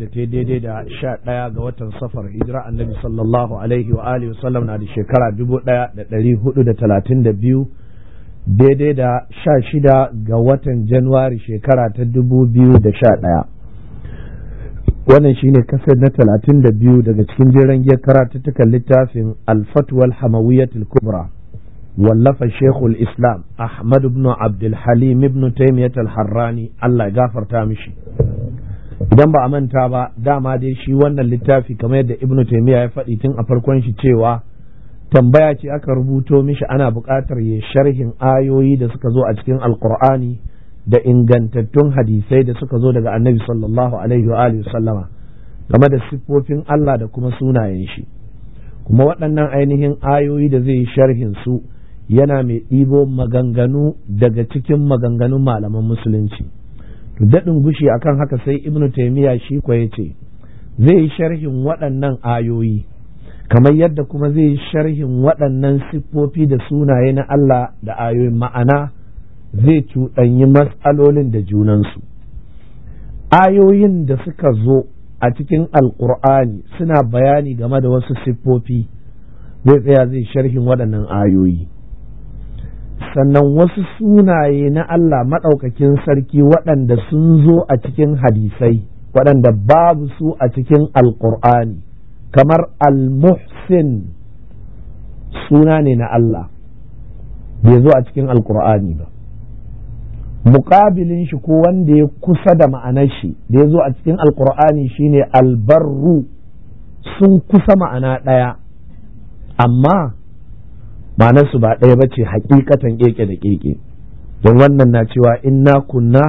da ta daidai da sha ɗaya ga watan safar hijira annabi sallallahu alaihi wa alihi wasallam na da shekara dubu ɗaya da ɗari hudu da talatin da biyu daidai da sha shida ga watan januwari shekara ta dubu biyu da sha ɗaya wannan shine kasar na talatin da biyu daga cikin jiran giyar karatuttukan littafin alfatwal hamawiyatul kubra wallafa shekul islam ahmad ibn abdulhalim ibn taimiyatul harrani allah ya gafarta mishi idan ba a manta ba dama dai shi wannan littafi kamar yadda ibnu taimiyya ya faɗi tun a farkon shi cewa tambaya ce aka rubuto mishi ana buƙatar ya sharhin ayoyi da suka zo a cikin alkur'ani da ingantattun hadisai da suka zo daga annabi sallallahu alaihi wa sallama game da siffofin Allah da kuma sunayen shi kuma waɗannan ainihin ayoyi da zai yi sharhin su yana mai ɗibo maganganu daga cikin maganganun malaman musulunci daɗin gushi akan haka sai ibnu taimiyya shi ko ya zai yi sharhin waɗannan ayoyi kamar yadda kuma zai yi sharhin waɗannan siffofi da sunaye na Allah da ayoyin ma'ana zai cuɗanyi matsalolin da junansu ayoyin da suka zo a cikin alƙur'ani suna bayani game da wasu siffofi zai tsaya zai sharhin waɗannan ayoyi sannan wasu sunaye na Allah maɗaukakin sarki waɗanda sun zo a cikin hadisai waɗanda babu su a cikin alƙur'ani kamar al-muhsin suna ne na Allah bai zo a cikin alƙur'ani ba muƙabilin shi ko wanda ya kusa da ma'anar shi da ya zo a cikin alƙur'ani shine albarru sun kusa ma'ana ɗaya amma ma'anar su ba ɗaya bace hakikatan keke da keke don wannan na cewa inna kunna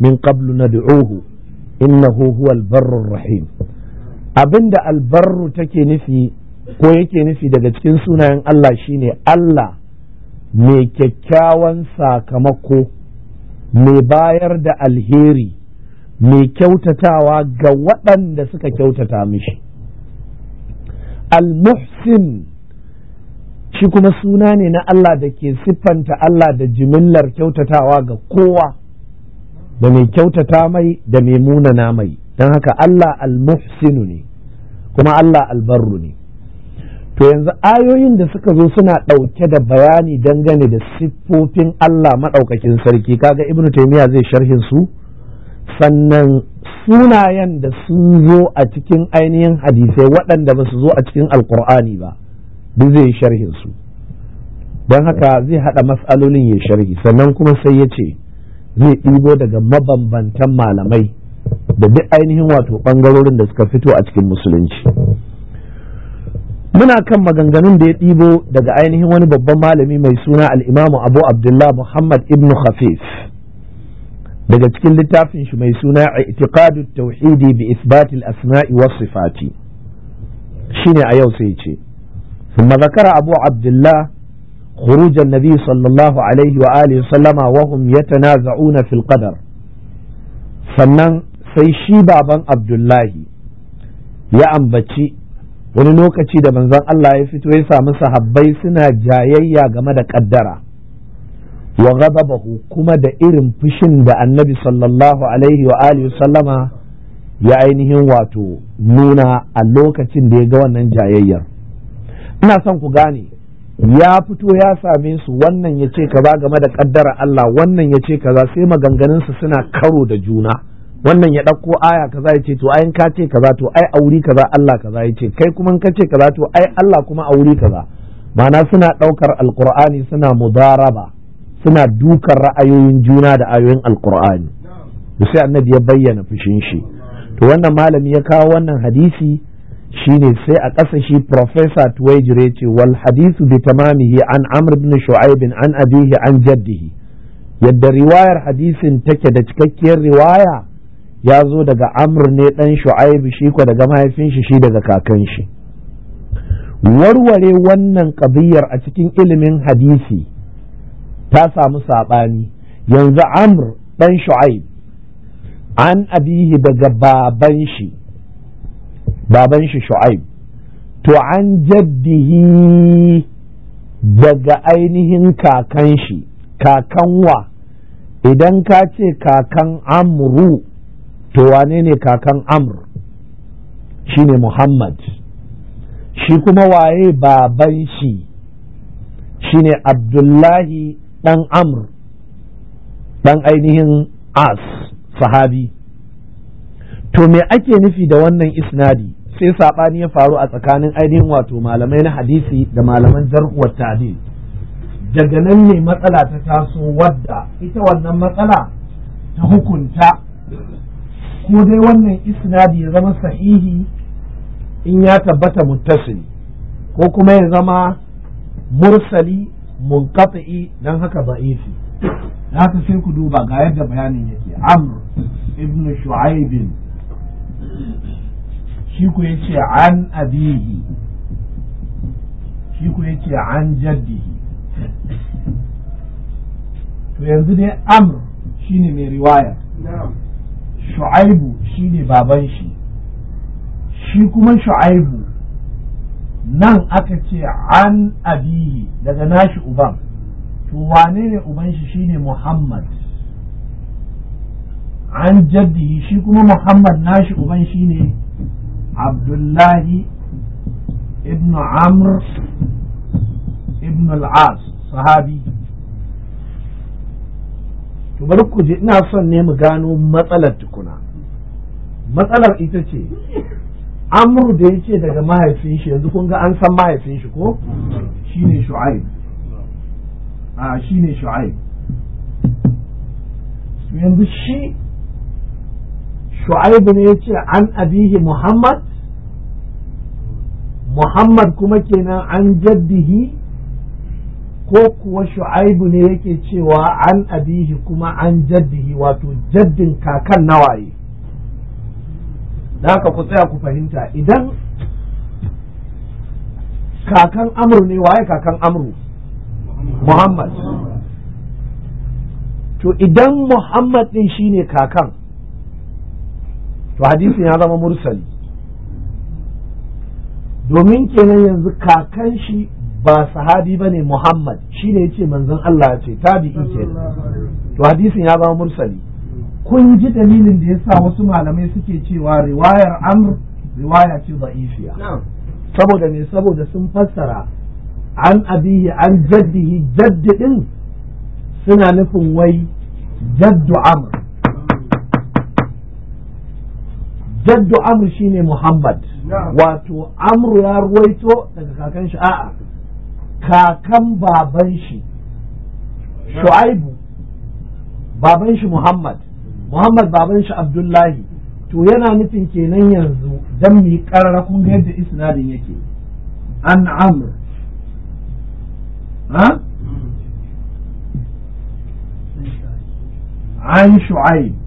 min qablu nad'uhu innahu huwal barrur rahim abinda albarru take nufi ko yake nufi daga cikin sunayen Allah shine Allah mai kyakkyawan sakamako mai bayar da alheri mai kyautatawa ga waɗanda suka kyautata mishi al-muhsin shi kuma suna ne na Allah da ke siffanta Allah da jimillar kyautatawa ga kowa da mai kyautata mai da mai munana mai don haka Allah Almuhsinu ne kuma Allah albarru ne to yanzu ayoyin da suka zo suna ɗauke da bayani dangane da siffofin Allah maɗaukakin sarki kaga ibnu taimiyya zai sharhin su sannan sunayen da sun zo a cikin ainihin hadisai waɗanda ba su zo a cikin alkur'ani ba duk zai yi sharhin su don haka zai haɗa matsalolin ya sharhi sannan kuma sai ya ce zai ɗibo daga mabambantan malamai da duk ainihin wato ɓangarorin da suka fito a cikin musulunci muna kan maganganun da ya ɗibo daga ainihin wani babban malami mai suna al'imamu abu abdullah muhammad ibn khafis daga cikin littafin shi mai suna itiqadu tauhidi bi isbatil asma'i was sifati shine a yau sai ce ثم ذكر أبو عبد الله خروج النبي صلى الله عليه وآله وسلم وهم يتنازعون في القدر sannan sai shi baban abdullahi ya ambaci wani lokaci da manzon Allah ya fito ya samu sahabbai suna jayayya game da kaddara wa ghadabahu kuma da irin fushin da annabi sallallahu alaihi wa alihi sallama ya ainihin wato nuna a lokacin da ya ga wannan jayayyar ina son ku gane ya fito ya same su wannan ya ce kaza game da kaddara Allah wannan ya ce kaza sai maganganunsu suna karo da juna wannan ya ɗauko aya kaza ya ce to ai ka ce kaza to ai auri kaza Allah kaza ya ce kai kuma ka ce kaza to ai Allah kuma auri kaza ma'ana suna ɗaukar alkur'ani suna mudaraba suna dukan ra'ayoyin juna da ayoyin alkur'ani sai annabi ya bayyana fushin shi to wannan malami ya kawo wannan hadisi shine sai a ƙasa shi professor tuwaijire ce wal hadisu bi tamamihi an amr ibn shu'aib an abihi an jaddihi yadda riwayar hadisin take da cikakkiyar riwaya ya zo daga amr ne ɗan shu'aib shi ko daga mahaifin shi shi daga kakan shi warware wannan ƙabiyar a cikin ilimin hadisi ta samu saɓani yanzu amr ɗan shu'aib an abihi daga baban shi baban shi shu'aib to an jaddihi daga ainihin kakan shi kakan wa idan ka ce kakan amru to wane ne kakan amr shine muhammad shi kuma waye baban shi shine abdullahi dan amr dan ainihin as sahabi to me ake nufi da wannan isnadi sai saɓani ya faru a tsakanin ainihin wato malamai na hadisi da malaman jarhuwar tadi daga nan ne matsala ta taso wadda ita wannan matsala ta hukunta ko dai wannan isnadi ya zama sahihi in ya tabbata muttasili ko kuma ya zama mursali munkat'i don haka ba'ifi haka sai ku duba ga yadda bayanin yake amr ibn shu'aib shi ku ce an abihi shi ku ce an jaddihi to yanzu dai amr ne mai riwaya shu'aibu ne baban shi shi kuma shu'aibu nan aka ce an abihi daga nashi uban to wane ne uban shi ne muhammad an jaddihi shi kuma muhammad nashi uban shi ne. عبد الله ابن عمرو ابن العاص صحابي to bari ku je ina son ne mu gano matsalar tukuna matsalar ita ce amru da yace daga mahaifin shi yanzu kun ga an san mahaifin shi ko shine shu'aib a ah, shine shu'aib yanzu shi shu'aibu ne ya ce an abihi muhammad muhammad kuma kenan an jaddihi ko kuwa shu'aibu ne yake cewa an abihi kuma an jaddihi wato jaddin kakan nawaye da ku tsaya ku fahimta idan kakan amru ne waye kakan amru muhammad to idan muhammad din shine kakan to hadisin ya zama mursali domin kenan yanzu kakan shi ba sahabi ba ne Muhammad shi shine yace manzon Allah ya ce tabi kenan to hadisin ya zama mursali kun ji dalilin da yasa wasu malamai suke cewa riwayar amr riwaya ce da'ifiya saboda ne saboda sun fassara an abihi an jaddihi jaddidin suna nufin wai jaddu amr jaddu amru shine muhammad wato amru ya ruwaito daga kakan shi a'a kakan baban shi shu'aibu baban shi muhammad muhammad baban shi abdullahi to yana nufin kenan yanzu dan mu yi karara kun ga yadda isnadin yake an amr ha hmm. an shu'aib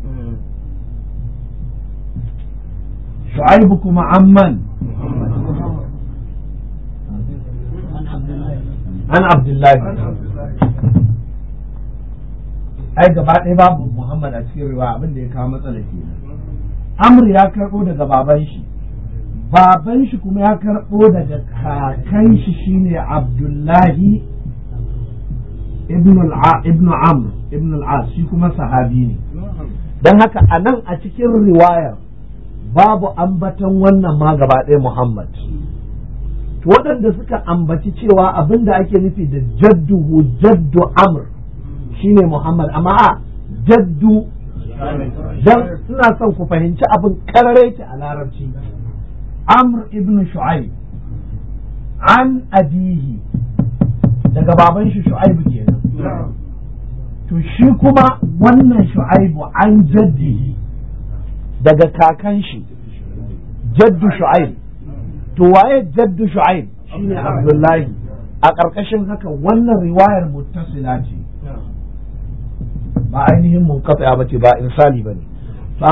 shu'aibu kuma amman an abdullahi ai gaba ɗaya babu muhammad a cikin riwaya abin da ya kawo matsala kenan amr ya karɓo daga baban shi baban shi kuma ya karɓo daga kakan shi shine abdullahi ibn al-amr ibn al-as shi kuma sahabi ne don haka a nan a cikin riwayar babu ambaton wannan ma gaba ɗaya Muhammad waɗanda suka ambaci cewa abin da ake nufi da jadduhu jaddu amr shine Muhammad amma a jaddu dan suna son ku fahimci abin karare a larabci amr ibn shu'aib an abihi daga baban shi shu'aibu kenan to shi kuma wannan shu'aibu an jaddihi daga kakan shi jaddu shu'aib to waye jaddu shu'aib shine abdullahi a ƙarƙashin haka wannan riwayar muttasila ce ba ainihin munqati'a bace ba insali bane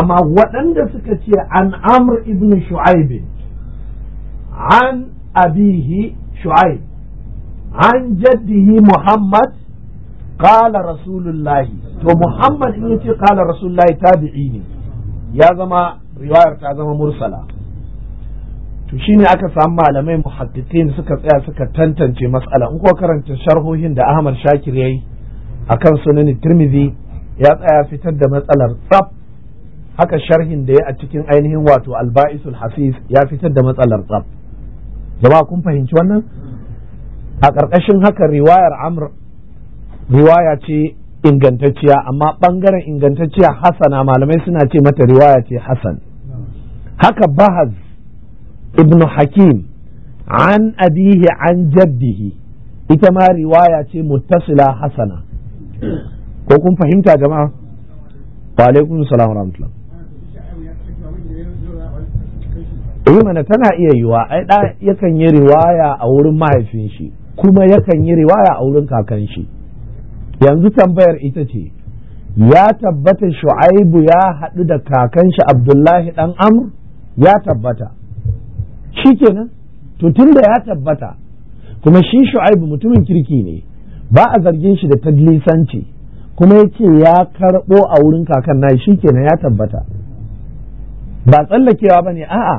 amma waɗanda suka ce an amr ibn shu'aib an abihi shu'aib an jaddihi muhammad qala rasulullahi to muhammad in yace qala rasulullahi tabi'i ne ya zama riwayar ta zama mursala to shine aka samu malamai muhaddithin suka tsaya suka tantance matsala in kuwa karanta sharhohin da Ahmad Shakir yayi akan sunan Tirmidhi ya tsaya fitar da matsalar tsaf haka sharhin da ya a cikin ainihin wato alba'isul hafiz ya fitar da matsalar tsaf jama'a kun fahimci wannan a ƙarƙashin haka riwayar amr riwaya ce ingantacciya amma ɓangaren ingantacciya hasana malamai suna ce mata riwaya ce hasan haka bahaz ibn hakim an abihi an jaddihi ita ma riwaya ce muttasila hasana ko kun fahimta jama'a wa alaikum salam wa rahmatullah eh mana tana iya yiwa ai da yakan yi riwaya a wurin mahaifin shi kuma yakan yi riwaya a wurin kakan shi yanzu tambayar ita ce ya tabbata shu'aibu ya haɗu da kakan shi abdullahi ɗan Amur ya tabbata shi kenan to tunda ya tabbata kuma shi shu'aibu mutumin kirki ne ba a zargin shi da tadlisanci kuma ya ce ya karɓo a wurin kakan na shi kenan ya tabbata ba tsallakewa ba ne a'a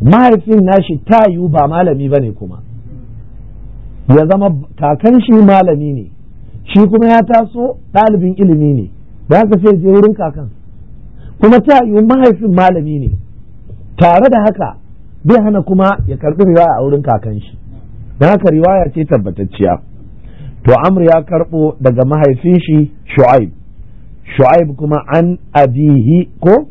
mahaifin nashi ta tayu ba malami ba ne kuma ya zama kakan shi malami ne shi kuma ya taso ɗalibin ilimi ne ba ka sai je wurin kakan kuma ta yi mahaifin malami ne tare da haka bai hana kuma ya karɓi riwaya a wurin kakan shi don haka riwaya ce tabbatacciya to amr ya karɓo daga mahaifin shi shu'aib shu'aib kuma an abihi ko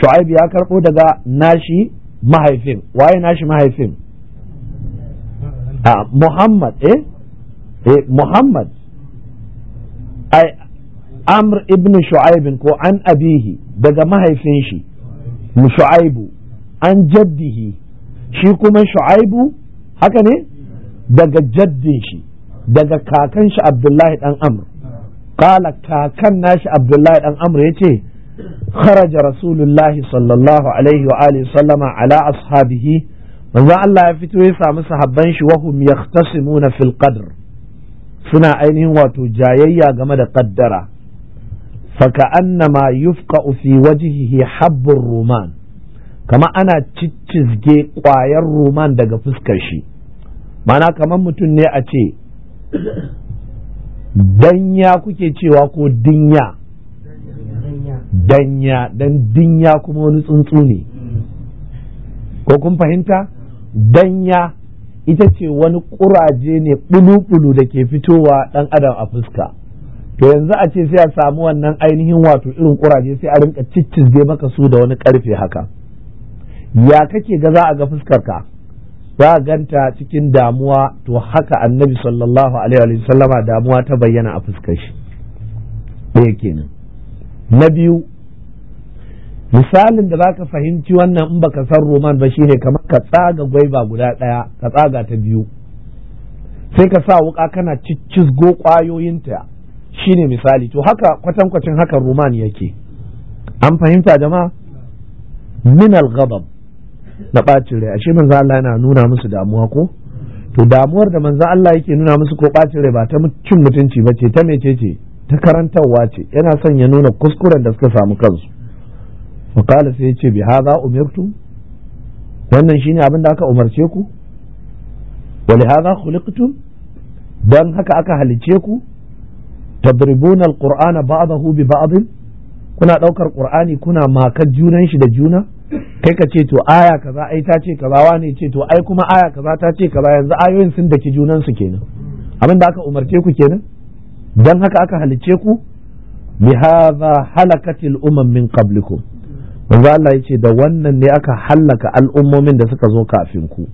shu'aib ya karɓo daga nashi mahaifin waye nashi mahaifin a ah, muhammad eh eh muhammad amr ibn shu'aibin ko an abihi daga mahaifin shi shu'aibu an jaddihi shi kuma shu'aibu haka ne daga jaddin shi daga kakan shi abdullahi dan amr kala kakan nashi abdullahi dan amr ya ce kharaja rasulullahi sallallahu alaihi wa alihi sallama ala ashabihi manzo Allah ya fito ya samu sahabban shi wahum yahtasimuna fil qadr suna ainihin wato jayayya game da kaddara faka annama yufka fi wajhihi habbur ruman kama ana ciccizge ƙwayan ruman daga fuskar shi mana kamar mutum ne a ce danya kuke cewa ko dinya danya dan dinya kuma wani tsuntsu ne mm. ko kun fahimta danya ita ce wani ƙuraje ne ɓulu-ɓulu da ke fitowa ɗan adam a fuska to yanzu a ce sai a samu wannan ainihin wato irin ƙuraje sai a rinka ciccizge maka su da wani karfe haka ya kake ga za a ga ka? za a ganta cikin damuwa to haka annabi sallallahu alaihi wa damuwa ta bayyana a fuskar shi ɗaya kenan na biyu misalin da zaka fahimci wannan in baka san roman ba shine kamar ka tsaga gwaiba guda ɗaya ka tsaga ta biyu sai ka sa wuka kana ciccizgo ƙwayoyinta shine misali to haka kwatan kwatankwacin haka roman yake an fahimta jama'a min al-ghadab na ɓacin rai ashe manzo Allah yana nuna musu damuwa ko to damuwar da manzo Allah yake nuna musu ko ɓacin rai ba ta cin mutunci ba ce ta mecece ta karantarwa ce yana son ya nuna kuskuren da suka samu kansu faƙala sai ce bi haza umirtu wannan shine abin da aka umarce ku wali haza khuliqtu dan haka aka halice ku tadribuna alqur'ana ba'dahu bi ba'd kuna daukar qur'ani kuna makar junan shi da juna kai ka ce to aya kaza ai ta ce kaza wani ce to ai kuma aya kaza ta ce kaza yanzu ayoyin sun daki junan su kenan abin da aka umarce ku kenan dan haka aka halice ku bi haza halakatil umam min qablikum manzo Allah ya ce da wannan ne aka hallaka al'ummomin da suka zo kafin ku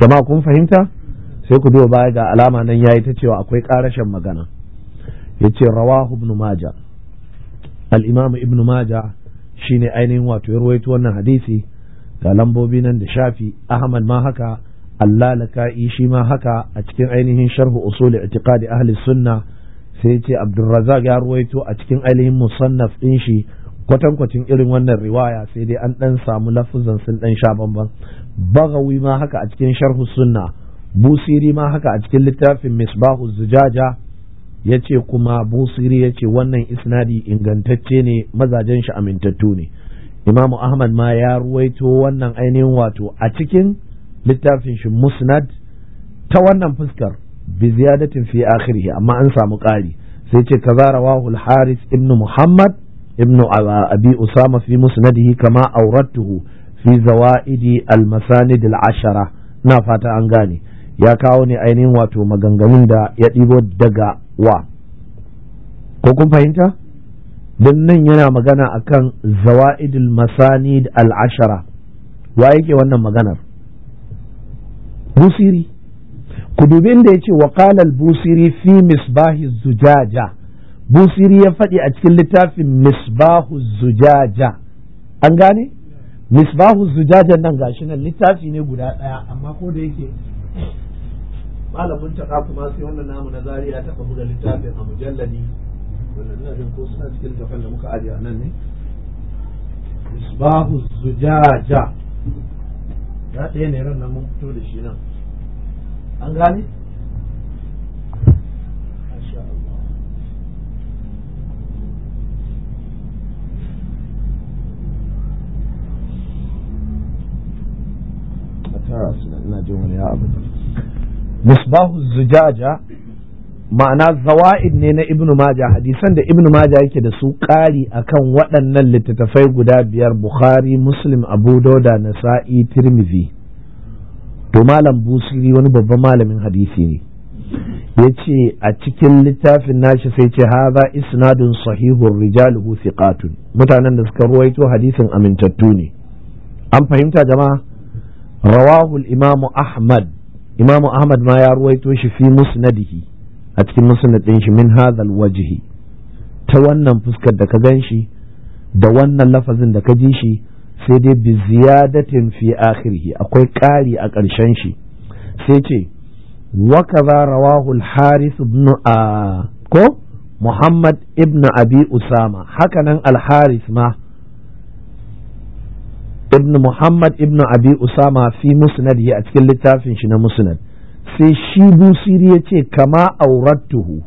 jama'a kun fahimta sai ku duba baya ga alama nan yayi ta cewa akwai karashin magana yace rawahu ibn maja al-imam ibn maja shine ainihin wato ya rawaito wannan hadisi ga lambobi nan da shafi ahmad ma haka allalaka'i shi ma haka a cikin ainihin sharhu usul i'tiqadi ahli sunna sai ce abdurrazzaq ya ruwaito a cikin ainihin musannaf din shi kwatankwacin irin wannan riwaya sai dai an ɗan samu lafuzan sun ɗan sha bamban bagawi ma haka a cikin sharhu sunna busiri ma haka a cikin littafin misbahu zujaja ya ce kuma busiri ya ce wannan isnadi ingantacce ne mazajen shi amintattu ne imamu ahmad ma ya ruwaito wannan ainihin wato a cikin littafin shi musnad ta wannan fuskar bi ziyadatin fi akhirih amma an samu ƙari sai ce kaza rawahu haris Ibnu muhammad ابن أبي أسامة في مسنده كما أوردته في زوائد المساند العشرة نافات أنغاني يا كاوني أينين واتو مغنغنين دا يتيبو دقا وا كوكم فهمتا dinnan yana magana akan zawa'idul masanid al-ashara wa yake wannan maganar busiri ku dubi inda yace wa qala al-busiri fi misbahi zujaja busiri ya faɗi a cikin littafin misbahu zujaja an gane misbahu zujaja nan gashi nan littafi ne guda ɗaya amma ko da yake malamin ta kuma sai wannan namu na zariya taɓa buga littafin a mujalladi wannan ina jin ko suna cikin littafin da muka ajiye a nan ne misbahu zujaja ya ɗaya ne ran nan mun fito da shi nan an gane ina jin zujaja ma'ana zawa'id ne na ibnu maja hadisan da ibnu maja yake da su ƙari akan waɗannan littattafai guda biyar bukhari muslim abu dauda nasa'i tirmidhi to malam busiri wani babban malamin hadisi ne ya ce a cikin littafin nashi sai ce haza isnadun sahihun rijaluhu thiqatun mutanen da suka ruwaito hadisin amintattu ne an fahimta jama'a rawahu imamu ahmad imamu ahmad ma ya ruwaito shi fi musnadihi a cikin musnad din shi min hadha ta wannan fuskar da ka gan shi da wannan lafazin da ka ji shi sai dai bi ziyadatin fi akhirhi akwai ƙari a ƙarshen shi sai ce wa kaza rawahu al-haris ah, ko muhammad ibn abi usama hakanan al-haris ma ibn muhammad ibn abi usama fi musnad a cikin littafin shi na musnad sai shi busiri ya ce kama aurattuhu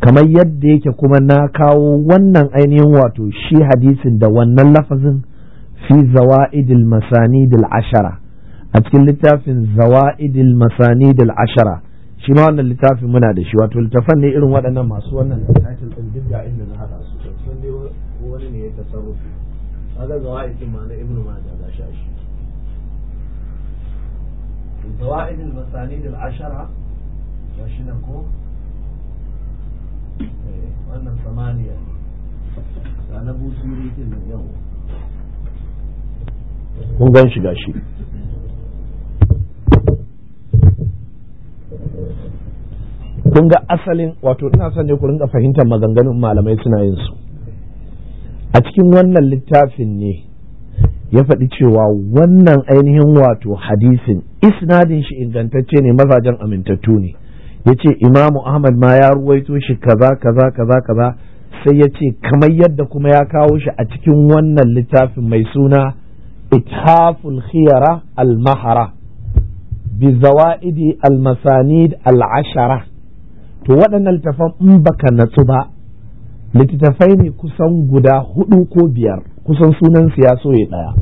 kamar yadda yake kuma na kawo wannan ainihin wato shi hadisin da wannan lafazin fi zawa'idil masanidil ashara a cikin littafin zawa'idil masanidil ashara shi ma wannan littafin muna da shi wato littafan ne irin waɗannan masu wannan title din duk ga inda na haɗa su wani ne ya tasarrufi kaga zawa'id din ma na ibnu majah ga shi shi zawa'id al-masanid al-ashara ga shi nan ko wannan samaniya da na busuri din nan yau kun gan shi gashi kun ga asalin wato ina son ne ku rinka fahimtar maganganun malamai suna yin su a cikin wannan littafin ne ya faɗi cewa wannan ainihin wato hadisin isnadin shi ingantacce ne mazajen amintattu ne ya ce imamu ahmad ma ya ruwaito shi kaza kaza kaza kaza sai ya ce kamar yadda kuma ya kawo shi a cikin wannan littafin mai suna ithaful khiyara al-mahara bi zawa'idi al-masanid al-ashara to waɗannan littafan in baka natsu ba littattafai ne kusan guda hudu ko biyar kusan sunan su ya soye ɗaya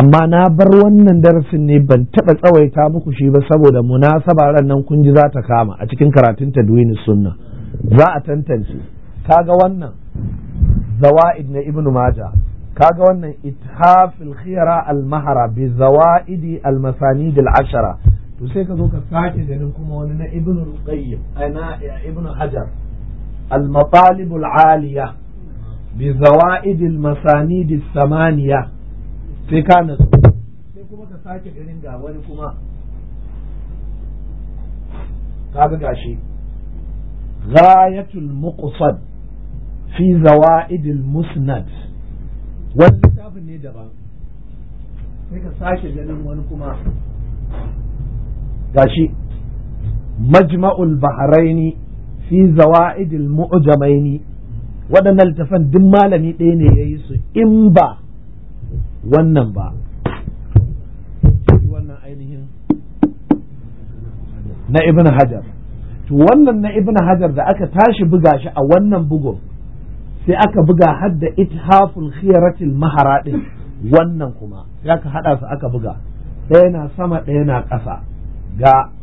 amma na bar wannan darasin ne ban taɓa tsawaita muku shi ba saboda munasaba ran nan kun ji za ta kama a cikin karatun tadwini sunna za a tantance kaga wannan zawa'id na ibnu maja kaga wannan ithafil khiyara al mahara bi zawa'idi al masanid al ashara to sai ka zo ka sake ganin kuma wani na ibnu qayyim ai ibnu hajar المطالب العالية بزوائد المسانيد الثمانية sai ka nasu sai kuma ka sake ganin ga wani kuma kaga gashi ghayatul muqsad fi zawaidil musnad wani littafin ne sai ka ganin wani kuma gashi majma'ul bahraini fi zawa'idil mu'jamaini waɗannan littafan duk malami ɗaya ne ya yi su in ba wannan ba wannan ainihin na ibn hajar to wannan na ibn hajar da aka tashi buga shi a wannan bugun sai aka buga hadda ithaful khiyaratil mahara din wannan kuma sai aka hada su aka buga ɗaya na sama ɗaya na ƙasa ga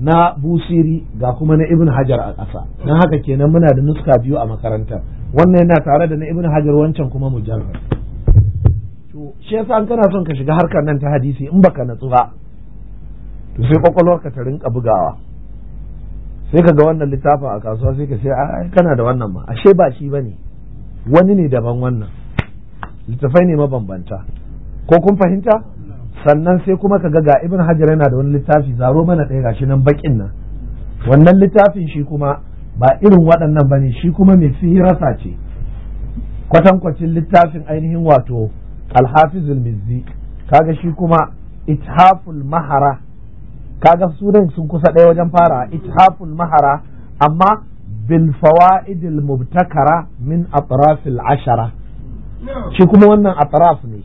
na busiri ga kuma na ibn hajar a ƙasa don haka kenan muna da nuska biyu a makaranta. wannan yana tare da na ibn hajar wancan kuma jarra to shi yasa an kana son ka shiga harkar nan ta hadisi in baka natsu ba to sai ka ta rinka bugawa sai ka ga wannan littafin a kasuwa sai ka sai kana da wannan ma ashe ba shi bane wani ne daban wannan littafai ne mabambanta ko kun fahimta sannan sai kuma ka ga ibn hajar yana da wani littafi zaro mana ɗaya gashi nan bakin nan wannan littafin shi kuma ba irin waɗannan ba ne shi kuma mai sihirasa ce kwatankwacin littafin ainihin wato alhafizul mizzi kaga shi kuma ithaful mahara kaga sunan sun kusa ɗaya wajen fara ithaful mahara amma bil fawaidil mubtakara min atrafil ashara shi kuma wannan atraf ne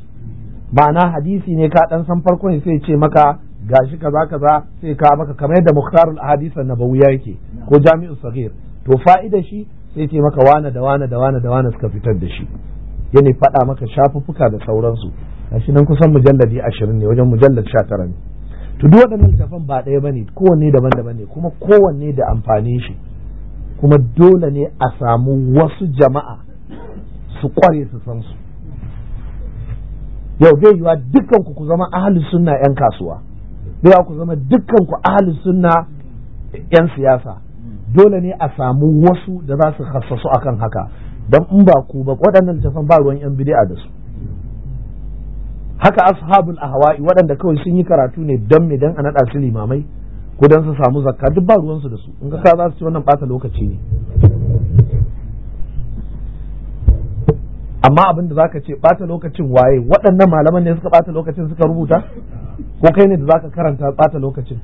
ma'ana hadisi ne ka dan san farkon sai ce maka gashi kaza kaza sai ka maka kamar yadda mukhtarul ahadith an-nabawi yake ko jami'u saghir to fa'ida shi sai ce maka wane da wane da wane da wane suka fitar da shi yana faɗa maka shafuffuka da sauransu gashi nan kusan mujalladi 20 ne wajen mujallad 19 ne to duk waɗannan littafan ba ɗaya bane kowanne daban-daban ne kuma kowanne da amfani shi kuma dole ne a samu wasu jama'a su kware su san su yau zai yiwa dukkanku ku zama ahalin sunna yan kasuwa zai ku zama dukkanku ku ahalin sunna yan siyasa dole ne a samu wasu da za su hassasu akan haka don in ba ku ba waɗannan tafan ba ruwan yan bid'a da su haka ashabul ahwa'i waɗanda kawai sun yi karatu ne don me dan a naɗa su limamai ko dan su samu zakka duk ba ruwansu da su in ka za su ci wannan ɓata lokaci ne amma abin da zaka ce bata lokacin waye waɗannan malaman ne suka bata lokacin suka rubuta ko kai ne da zaka karanta bata lokacin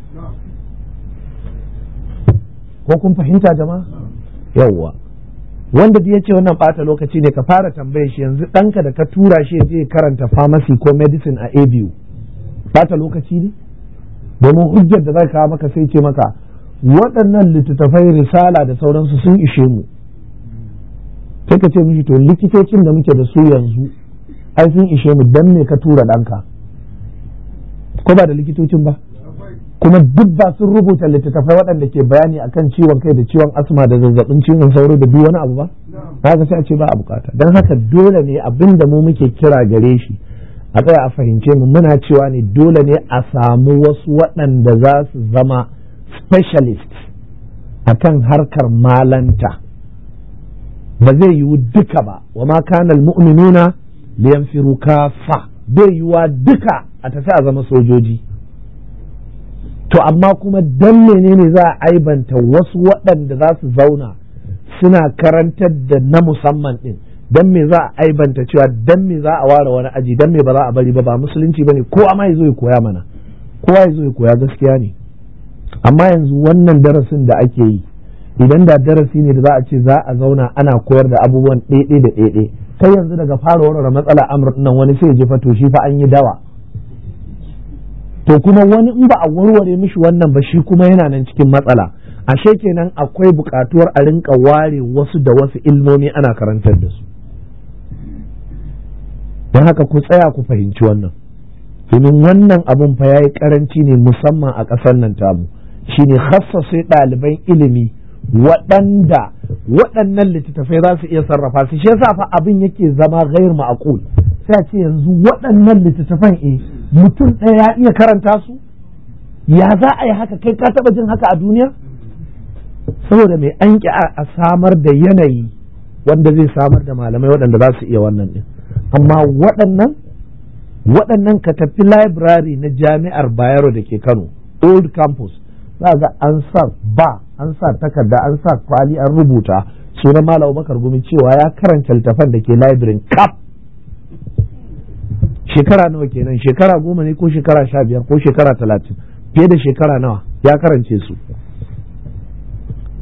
ko kun fahimta jama'a yawwa wanda ya ce wannan bata lokaci ne ka fara tambaye shi yanzu ɗanka da ka tura shi ya je karanta pharmacy ko medicine a abu bata lokaci ne domin hujjar da zai kawo maka sai ce maka waɗannan littattafai risala da sauransu sun ishe mu sai ka ce mishi to likitocin da muke da su yanzu ai sun ishe mu dan me ka tura ɗanka ko ba da likitocin ba kuma duk ba sun rubuta littattafai waɗanda ke bayani akan ciwon kai da ciwon asma da zazzabin cizon sauro da biyu wani abu ba ka sai a ce ba a bukata don haka dole ne abin da mu muke kira gare shi a tsaya a fahimce mu muna cewa ne dole ne a samu wasu waɗanda za su zama specialist akan harkar malanta ba zai yiwu duka ba wa ma kana almu'minuna liyanfiru kafa bai yiwuwa duka a tafi a zama sojoji to amma kuma dan menene za a aibanta wasu waɗanda za su zauna suna karantar da na musamman ɗin dan me za a aibanta cewa dan me za a ware wani aji dan me ba za a bari ba ba musulunci bane ko amma yazo ya koya mana kowa yazo ya koya gaskiya ne amma yanzu wannan darasin da ake yi idan da darasi ne da za a ce za a zauna ana koyar da abubuwan ɗaiɗe da ɗaiɗe kai yanzu daga fara warware matsala amr nan wani sai jefa to shi fa an yi dawa to kuma wani in ba a warware mishi wannan ba shi kuma yana nan cikin matsala ashe kenan akwai buƙatuwar a rinka ware wasu da wasu ilmomi ana karantar da su don haka ku tsaya ku fahimci wannan domin wannan abun fa ya yi karanci ne musamman a ƙasar nan tamu shine khassa sai ɗaliban ilimi waɗanda waɗannan littattafai za su iya sarrafa su shi yasa fa abin yake zama gair ma'aqul sai a ce yanzu waɗannan littattafan eh mutum ɗaya ya iya karanta su ya za a yi haka kai ka taɓa jin haka a duniya saboda mai an ƙi a samar da yanayi wanda zai samar da malamai waɗanda za su iya wannan ɗin amma waɗannan waɗannan ka tafi library na jami'ar bayero da ke kano old campus za ga an san ba an sa takarda an sa kwali an rubuta sunan malam Abubakar Gumi cewa ya karanta littafan da ke library kaf shekara nawa kenan shekara goma ne ko shekara sha biyar ko shekara talatin fiye da shekara nawa ya karance su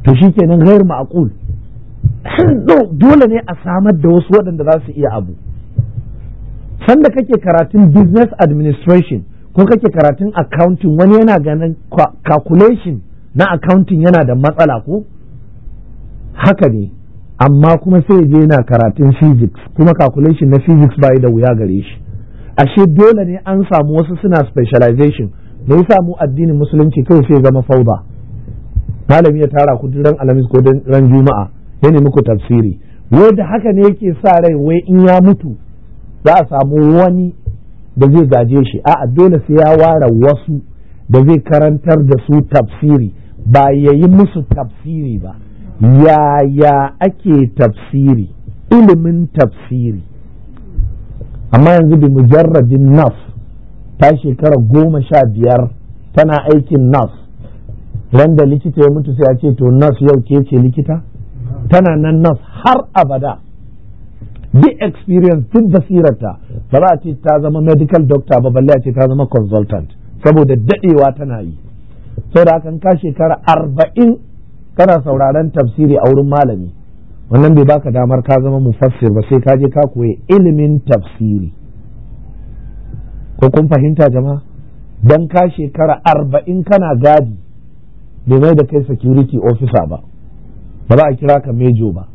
to shi kenan gairu ma'akul dole ne a samar da wasu waɗanda za su iya abu sanda kake karatun business administration ko kake karatun accounting wani yana ganin calculation na accounting yana da matsala ko haka ne amma kuma sai je yana karatun physics kuma calculation na physics bai da wuya gare shi ashe dole ne an samu wasu suna specialization me yasa mu addinin musulunci kai sai zama fauda malami ya tara ku ran alamis ko ran juma'a ya nemi ku tafsiri wanda haka ne yake sa rai wai in ya mutu za a samu wani da zai gaje shi a'a dole sai ya ware wasu da zai karantar da su tafsiri ba ya yi musu tafsiri ba yaya ake tafsiri ilimin tafsiri amma yanzu bi mujarrabin nas ta shekara goma sha biyar tana aikin nas randa likita ya mutu sai a ce to nas yau ke ce likita tana nan nas har abada bi experience duk basirarta ba za a ce ta zama medical doctor ba balle a ce ta zama consultant saboda dadewa tana yi saboda hakan ka shekara arba'in kana sauraron tafsiri a wurin malami wannan bai baka damar ka zama mufassir ba sai ka je ka koyi ilimin tafsiri ko kun fahimta jama'a dan ka shekara arba'in kana gadi bai mai da kai security officer ba ba za a kira ka mejo ba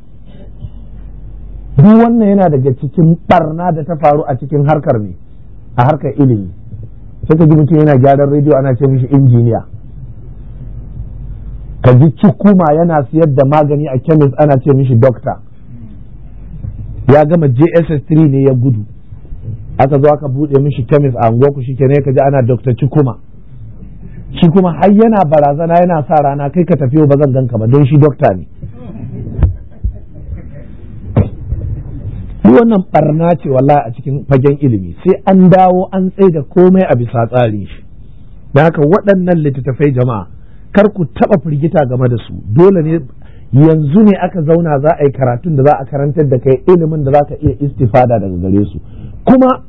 duk wannan yana daga cikin barna da ta faru a cikin harkar ne a harkar ilimi sai ka ji mutum yana gyaran rediyo ana ce mishi injiniya ka ji cikuma yana siyar da magani a kemis ana ce mishi dokta ya gama jss3 ne ya gudu aka zo aka buɗe mishi kemis a unguwarku shi kenan ka ji ana dokta cikuma shi kuma har yana barazana yana sa rana kai ka tafi ba zan ganka ba don shi dokta ne wannan barna ce wallahi a cikin fagen ilimi sai an dawo an tsaye da komai a bisa tsarin shi da haka waɗannan littattafai jama'a kar ku taɓa firgita game da su dole ne yanzu ne aka zauna za a yi karatun da za a karantar da kai ilimin da za ka iya istifada daga gare su kuma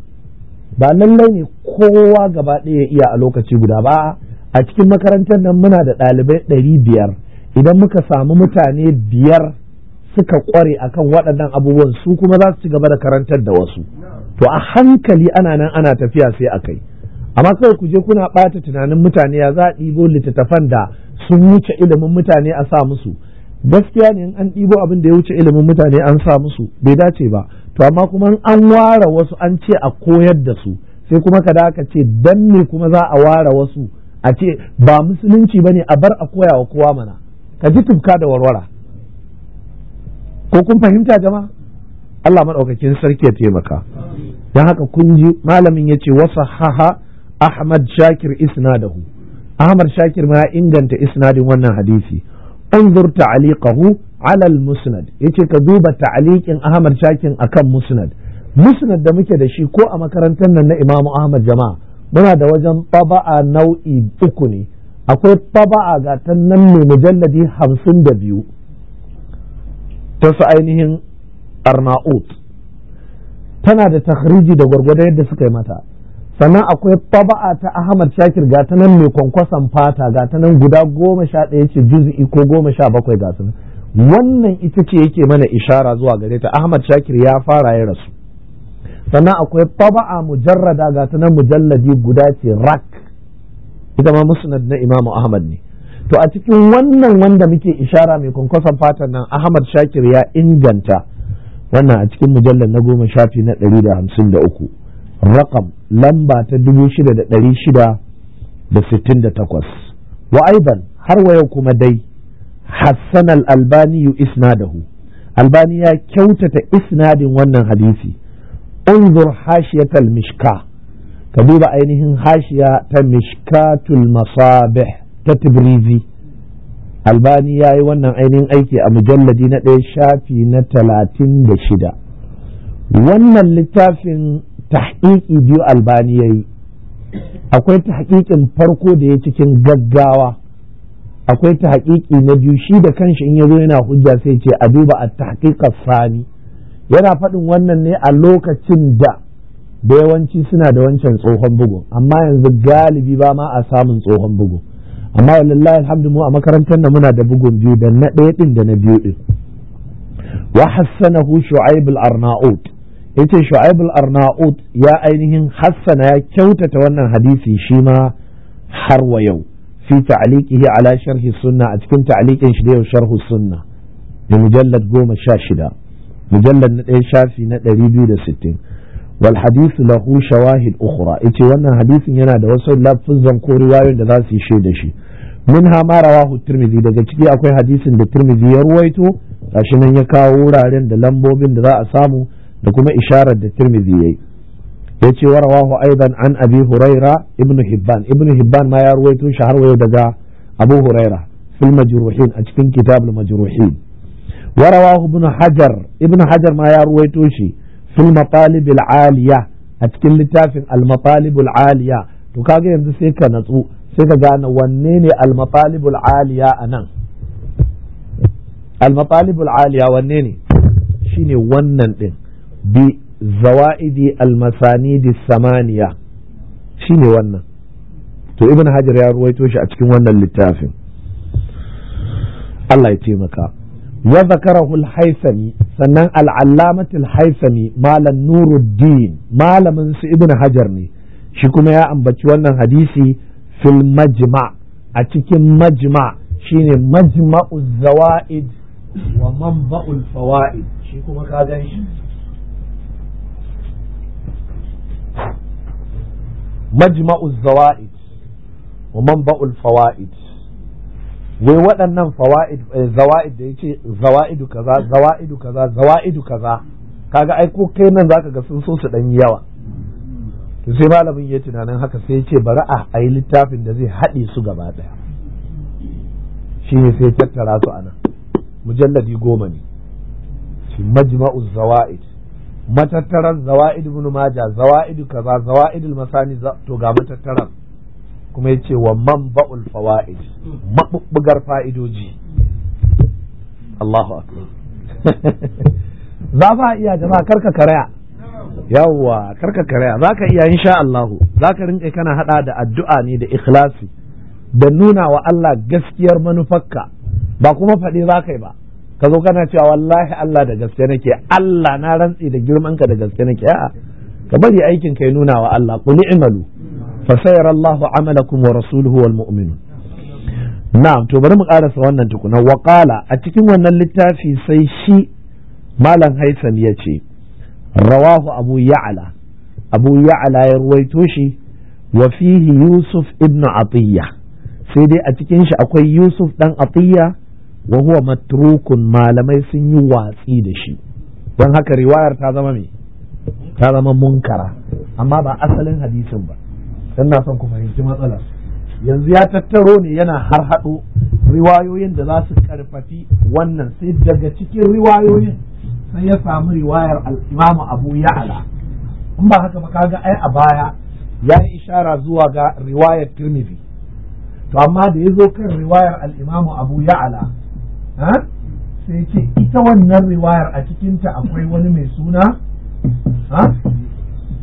ba lallai ne kowa gaba ɗaya iya a lokaci guda ba a cikin makarantar nan muna da ɗalibai ɗari biyar idan muka samu mutane biyar suka ƙware akan waɗannan abubuwan su kuma za su ci gaba da karantar da wasu to a hankali ana nan ana tafiya sai a kai amma kawai ku je kuna bata tunanin mutane ya za a ɗibo littattafan da sun wuce ilimin mutane a sa musu gaskiya ne in an ɗibo abin da ya wuce ilimin mutane an sa musu bai dace ba to amma kuma an ware wasu an ce a koyar da su sai kuma ka aka ce dan me kuma za a ware wasu a ce ba musulunci ba ne a bar a koya wa kowa mana ka ji tufka da warwara ko kun fahimta jama'a Allah maɗaukakin sarki ya taimaka don haka kun ji malamin ya ce wasu haha Ahmad Shakir isnadahu Ahmad Shakir ma ya inganta isnadin wannan hadisi انظر ala al musnad yace ka duba ta'liqin Ahmad Shakir akan musnad musnad da muke da shi ko a makarantar nan na Imam Ahmad jama'a muna da wajen taba'a nau'i uku ne akwai taba'a ga ta nan ne mujalladi 52 ta su ainihin Arnaut tana da takhriji da gwargwadon yadda suka yi mata sannan akwai taba'a ta Ahmad Shakir ga ta nan mai kwankwason fata ga ta nan guda goma sha ɗaya ce juz'i ko goma sha bakwai ga su wannan ita ce yake mana ishara zuwa gare ta Ahmad Shakir ya fara ya rasu sannan akwai taba'a mujarrada ga ta nan mujalladi guda ce rak ita ma musnad na Imam Ahmad ne to a cikin wannan wanda muke ishara mai kwankwason fatan nan Ahmad Shakir ya inganta wannan a cikin mujallar na goma shafi na ɗari da hamsin da uku rakam lamba ta shida 6668 wa aiban har wa kuma dai hassan al-albani isnadahu albani ya kyautata isnadin wannan hadisi unzur hashiyatal mishka ka duba ainihin hashiya ta mishkatul masabih ta tibrizi albani ya yi wannan ainihin aiki a mujalladi na ɗaya shafi na talatin da shida wannan littafin tahqiqi biyu albani yayi akwai tahqiqin farko da ya cikin gaggawa akwai tahqiqi na biyu shi da kanshi in yazo yana hujja sai ce a duba at-tahqiq sani yana faɗin wannan ne a lokacin da da yawanci suna da wancan tsohon bugu amma yanzu galibi ba ma a samun tsohon bugu. amma wallahi alhamdu mu a makarantar da muna da bugun biyu da na ɗaya ɗin da na biyu ɗin wa hassanahu shu'aib al-arnaut yace shu'aib al-arnaud ya ainihin hassana ya kyautata wannan hadisi shi ma har wa yau fi ta'liqihi ala sharhi sunna a cikin ta'liqin shi da yau sharhu sunna da mujallad 16 mujallad na ɗaya shafi na 260 wal hadith lahu shawahid ukhra yace wannan hadisin yana da wasu lafuzan ko riwayoyin da za su yi shaida shi منها ما rawahu الترمذي daga ciki akwai hadisin da Tirmidhi ya ruwaito gashi nan ya kawo wuraren da lambobin da za a samu da kuma isharar da tirmidhi yayi ya ce wa rawahu aidan an abi huraira ibnu hibban ibnu hibban ma ya ruwaito shi har wayo daga abu huraira fil majruhin a cikin kitab al majruhin wa rawahu ibn hajar ibn hajar ma ya ruwaito shi fil matalib aliya a cikin littafin al matalib aliya to kaga yanzu sai ka natsu sai ka gane wanne ne al matalib aliya anan al matalib aliya wanne ne shine wannan din bi zawa'idi almasanidi samaniya shine wannan to ibn hajar ya ruwaito shi a cikin wannan littafin Allah ya taimaka wa zakarahu al-haythami sannan al-allamati al-haythami malan nuruddin malamin su ibn hajar ne shi kuma ya ambaci wannan hadisi fil majma a cikin majma shine majma'u zawaid wa manba'ul fawaid shi kuma ka gan majma'uz zawaid wa manba'ul fawaid wai waɗannan fawaid eh, zawaid da yace zawaidu kaza zawaidu kaza zawaidu kaza kaga ai ko kai nan zaka ga sun so su dan yawa to sai malamin ya tunanin haka sai ya ce bari a ayi littafin da zai haɗe su gaba ɗaya shi ne sai tattara su a nan mujalladi goma ne shi majma'u zawa'id matattaran zawa'id ibn maja zawa'id kaza zawa'id masani to ga matattaran kuma yace wa ba'ul fawaid mabubbugar fa'idoji Allahu akbar za fa iya jama'a karka karaya yawwa karka karaya za ka iya insha Allah za ka rinka kana hada da addu'a ne da ikhlasi da nuna wa Allah gaskiyar manufarka ba kuma faɗi za yi ba ka zo kana cewa wallahi Allah da gaske nake Allah na rantsi da girman ka da gaske nake a'a ka bari aikin kai nuna wa Allah qul i'malu fa allahu amalakum wa rasuluhu wal mu'minun na'am to bari mu karasa wannan tukuna wa qala a cikin wannan littafi sai shi malam haisam ya ce rawahu abu ya'la abu ya'la ya ruwaito shi wa fihi yusuf ibn atiyya sai dai a cikin shi akwai yusuf dan atiyya wa huwa matrukun malamai sun yi watsi da shi don haka riwayar ta zama mai ta zama munkara amma ba asalin hadisin ba dan na son ku fahimci matsalar yanzu ya tattaro ne yana har haɗo riwayoyin da za su karfafi wannan sai daga cikin riwayoyin sai ya samu riwayar Al'imamu Abu yaala in ba haka ba kaga ai a baya ya yi ishara zuwa ga riwayar Tirmidhi to amma da ya zo kan riwayar Al'imamu Abu yaala sai ce ita wannan riwayar a cikinta akwai wani mai suna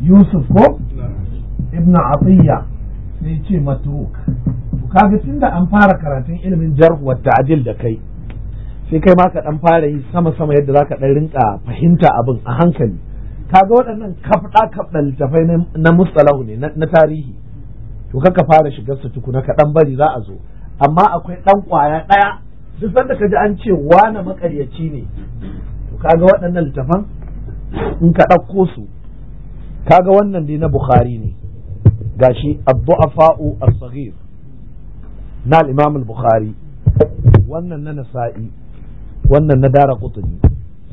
yusuf ko ibn atiyya sai ce matruk to kaga tunda an fara karatun ilimin jarh wa ta'dil da kai sai kai ma ka dan fara yi sama sama yadda zaka dan rinka fahimta abin a hankali kaga waɗannan kafda kafda littafai na mustalahu ne na tarihi to kaka fara shigar su tukuna ka dan bari za a zo amma akwai dan kwaya daya duk sanda ka ji an ce wane makaryaci ne to kaga waɗannan littafan in ka ɗauko su kaga wannan dai na bukhari ne gashi ad-du'afa'u as-saghir na al-imam al-bukhari wannan na nasa'i wannan na dara qutni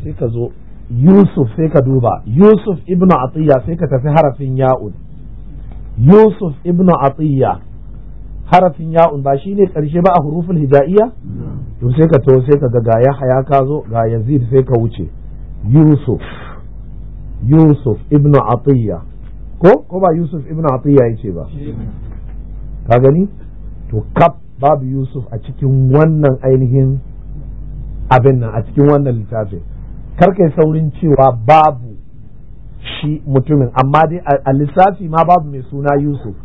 sai ka zo yusuf sai ka duba yusuf ibnu atiya sai ka tafi harafin ya'ud yusuf ibnu atiya harafin ya'un ba shine karshe ba a hurufin hija'iya to sai ka to sai ka ga ga yahya ka zo ga Yazid sai ka wuce Yusuf Yusuf ibnu Atiyya ko ko ba Yusuf ibnu Atiyya yace ba ka gani to kaf babu Yusuf a cikin wannan ainihin abin nan a cikin wannan Kar karkai saurin cewa babu shi mutumin amma dai a lissafi ma babu mai suna Yusuf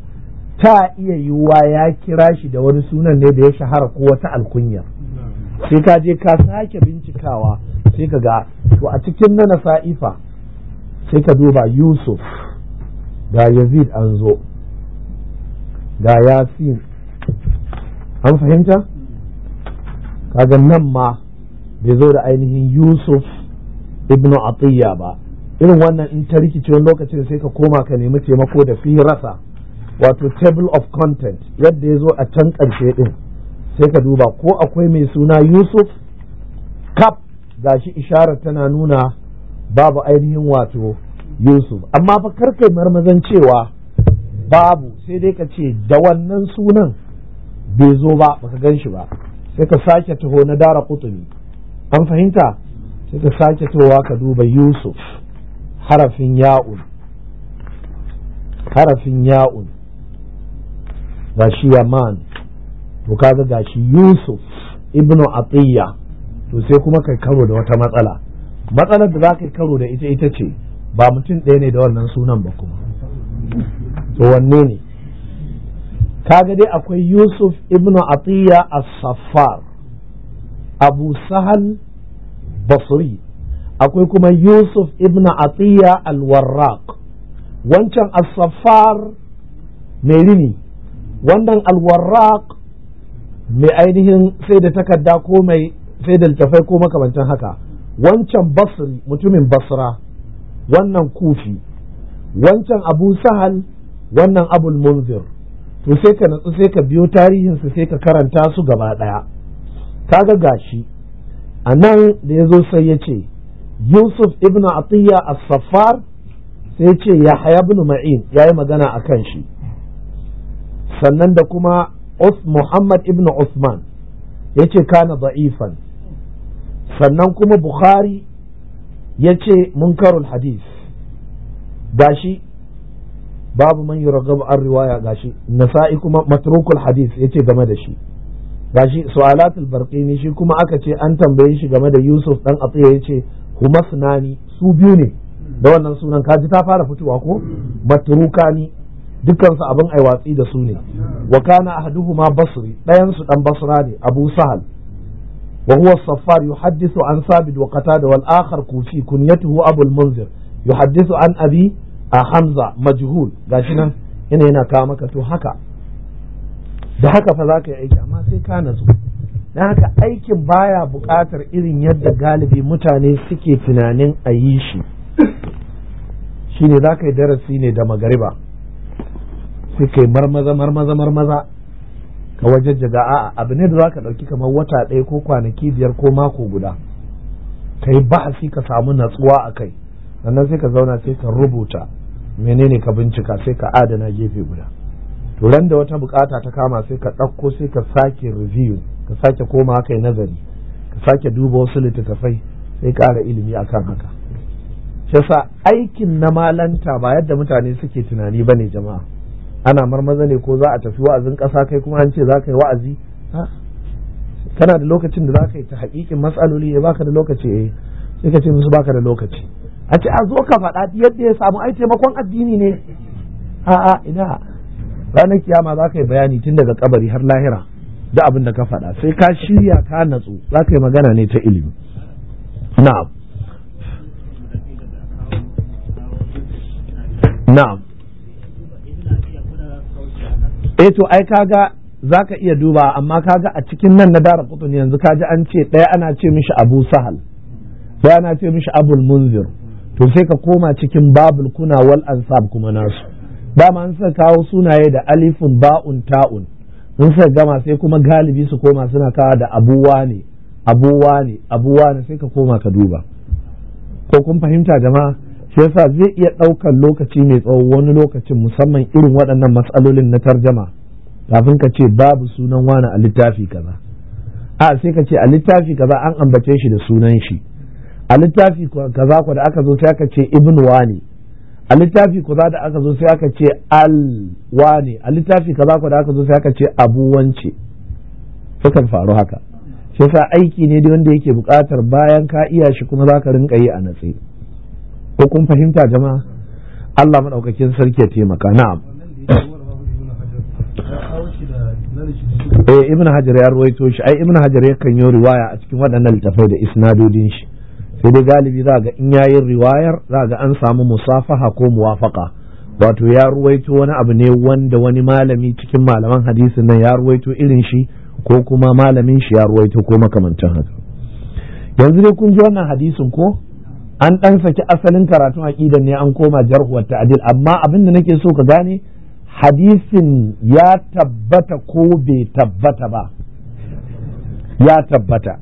ta iya yiwuwa ya kira shi da wani sunan ne da ya shahara ko wata alkunya sai ka je ka sake bincikawa sai ka ga to a cikin nana sa'ifa sai ka duba yusuf ga yazid an zo ga yasin an fahimta kaga nan ma bai zo da ainihin yusuf ibn atiyya ba irin wannan in ta rikice wani lokacin sai ka koma ka nemi taimako da firasa wato table of content yadda ya zo a can ƙarshe ɗin sai ka duba ko akwai mai suna yusuf kaf shi ishara tana nuna babu ainihin wato yusuf amma fa karkai marmazan cewa babu sai dai ka ce da wannan sunan bai zo ba baka gan shi ba sai ka sake taho na dara kutumi an fahimta sai ka sake tahowa ka duba yusuf harafin ya'un harafin ya'un gashi yaman to kaga gashi yusuf ibnu atiyya to sai kuma kai karo da wata matsala matsalar da za ka karo da ita ita ce ba mutum ɗaya ne da wannan sunan ba kuma to wanne ne kaga dai akwai yusuf ibnu atiyya as-saffar abu sahal basri akwai kuma yusuf ibn atiya alwarraq wancan as-saffar mai rini wannan alwarraq mai ainihin sai da takarda ko mai sai da littafai ko makamancin haka wancan basri mutumin basra wannan kufi wancan abu sahal wannan abul munzir to sai ka natsu sai ka biyo tarihinsu sai ka karanta su gaba ɗaya kaga gashi a nan da ya zo sai ya ce yusuf ibn atiyya as-saffar sai ya ce ya ibn ma'in ya yi magana a kan shi sannan da kuma Muhammad ibn Usman ya ce kana da'ifan sannan kuma Bukhari ya ce munkarul hadis gashi babu man ragabu an riwaya gashi nasa'i kuma matrukul hadis ya ce game da shi gashi su'alatul barqini shi kuma aka ce an tambaye shi game da Yusuf ɗan Atiya ya ce humasnani su biyu ne da wannan sunan kaji ta fara fitowa ko matrukani dukansu abin ai watsi da su ne wa kana ahaduhuma basri ɗayansu su dan basra ne abu sahal wa huwa safar yuhaddithu an sabit wa qatada wal akhar kufi kunyatuhu abu al munzir yuhaddithu an abi a hamza majhul gashi nan ina yana kawo maka to haka da haka fa zaka yi aiki amma sai ka nazo dan haka aikin baya buƙatar irin yadda galibi mutane suke tunanin a yi shi shine zaka yi darasi ne da magariba sai marmaza marmaza marmaza ka wajajjaga a'a abu ne da za ka ɗauki kamar wata ɗaya ko kwanaki biyar ko mako guda ka yi bahasi ka samu natsuwa a kai sannan sai ka zauna sai ka rubuta menene ka bincika sai ka adana gefe guda to ran da wata bukata ta kama sai ka ɗauko sai ka sake review ka sake koma kai nazari ka sake duba wasu littattafai sai ƙara ilimi akan haka shi aikin na malanta ba yadda mutane suke tunani ba ne jama'a ana marmaza ne ko za a tafi wa'azin ƙasa kai kuma an ce za ka yi wa'azi kana da lokacin da za ka yi ta haƙiƙin matsaloli ya baka da lokaci eh sai ka ce musu baka da lokaci a ce a zo ka faɗa yadda ya samu ai taimakon addini ne a'a ina ranar kiyama za ka yi bayani tun daga kabari har lahira da abin da ka faɗa sai ka shirya ka natsu za ka yi magana ne ta ilimi na'am na'am eh to ai kaga zaka iya duba amma kaga a cikin nan na dara kutun yanzu kaji an ce ɗaya ana ce mishi abu sahal ɗaya ana ce mishi abul munzir to sai ka koma cikin babul kuna wal ansab kuma nasu dama an saka kawo sunaye da alifun ba'un ta'un mun sai gama sai kuma galibi su koma suna kawo da abuwa ne abuwa ne abuwa ne sai ka koma ka duba ko kun fahimta jama'a shi yasa zai iya ɗaukar lokaci mai tsawo wani lokacin musamman irin waɗannan matsalolin na tarjama kafin ka ce babu sunan wani a littafi kaza a sai ka ce a littafi kaza an ambace shi da sunan shi a littafi kaza ku da aka zo sai aka ce ibn wani a littafi kaza da aka zo sai aka ce al wani a littafi kaza ku da aka zo sai aka ce abu wance sukan faru haka shi yasa aiki ne da wanda yake bukatar bayan ka iya shi kuma za ka rinka yi a natsi ko kun fahimta jama'a Allah maɗaukakin sarki ya taimaka na'am eh ibn hajar ya ruwaito shi ai ibn hajar yakan yi riwaya a cikin waɗannan littafai da isnadodin shi sai dai galibi za ga in yayin riwayar za ga an samu musafaha ko muwafaka wato ya ruwaito wani abu ne wanda wani malami cikin malaman hadisin nan ya ruwaito irin shi ko kuma malamin shi ya ruwaito ko makamantan haka yanzu dai kun ji wannan hadisin ko an ɗan saki asalin karatun aƙidan ne an koma jarhuwar ta'adil amma abin da nake so ka gane hadisin ya tabbata ko bai tabbata ba ya tabbata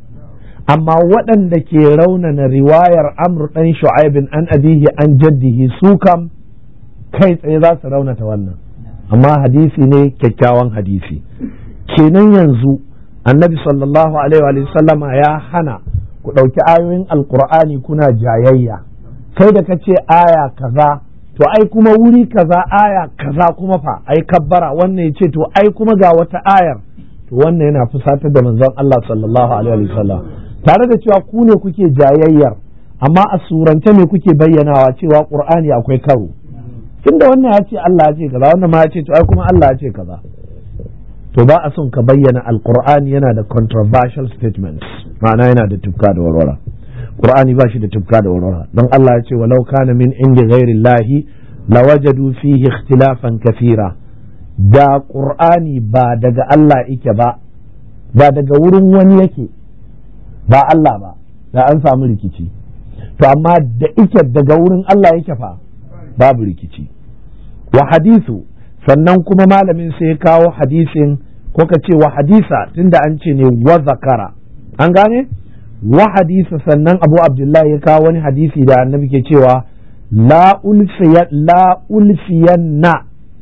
amma waɗanda ke raunana riwayar amr ɗan shu'aibin an abihi an jaddihi su kam kai tsaye za su raunata wannan amma hadisi ne kyakkyawan hadisi kenan yanzu annabi sallallahu alaihi wa sallama ya hana ku ɗauki ayoyin alkur'ani kuna jayayya kai da ka ce aya kaza to ai kuma wuri kaza aya kaza kuma fa ai kabbara wannan ya ce to ai kuma ga wata ayar to wannan yana fusatar da manzon Allah sallallahu alaihi wasallam tare da cewa ku ne kuke jayayyar amma a surance me kuke bayyanawa cewa qur'ani akwai karo tunda wannan ya ce Allah ya ce kaza wannan ma ya ce to ai kuma Allah ya ce kaza to ba a son ka bayyana alkur'ani yana da controversial statements ma'ana yana da tufka da warwara qur'ani ba shi da tufka da warwara don Allah ya ce walau kana min inda ghairillahi lawajadu fihi ikhtilafan kathira da qur'ani ba daga Allah yake ba ba daga wurin wani yake ba Allah ba da an samu rikici to amma da yake daga wurin Allah yake fa babu rikici wa hadisu sannan kuma malamin sai ya kawo hadisin ko ka ce wa hadisa tunda an ce ne wa zakara an gane wa hadisa sannan abu abdullahi ya kawo wani hadisi da annabi ke cewa la ulfiyanna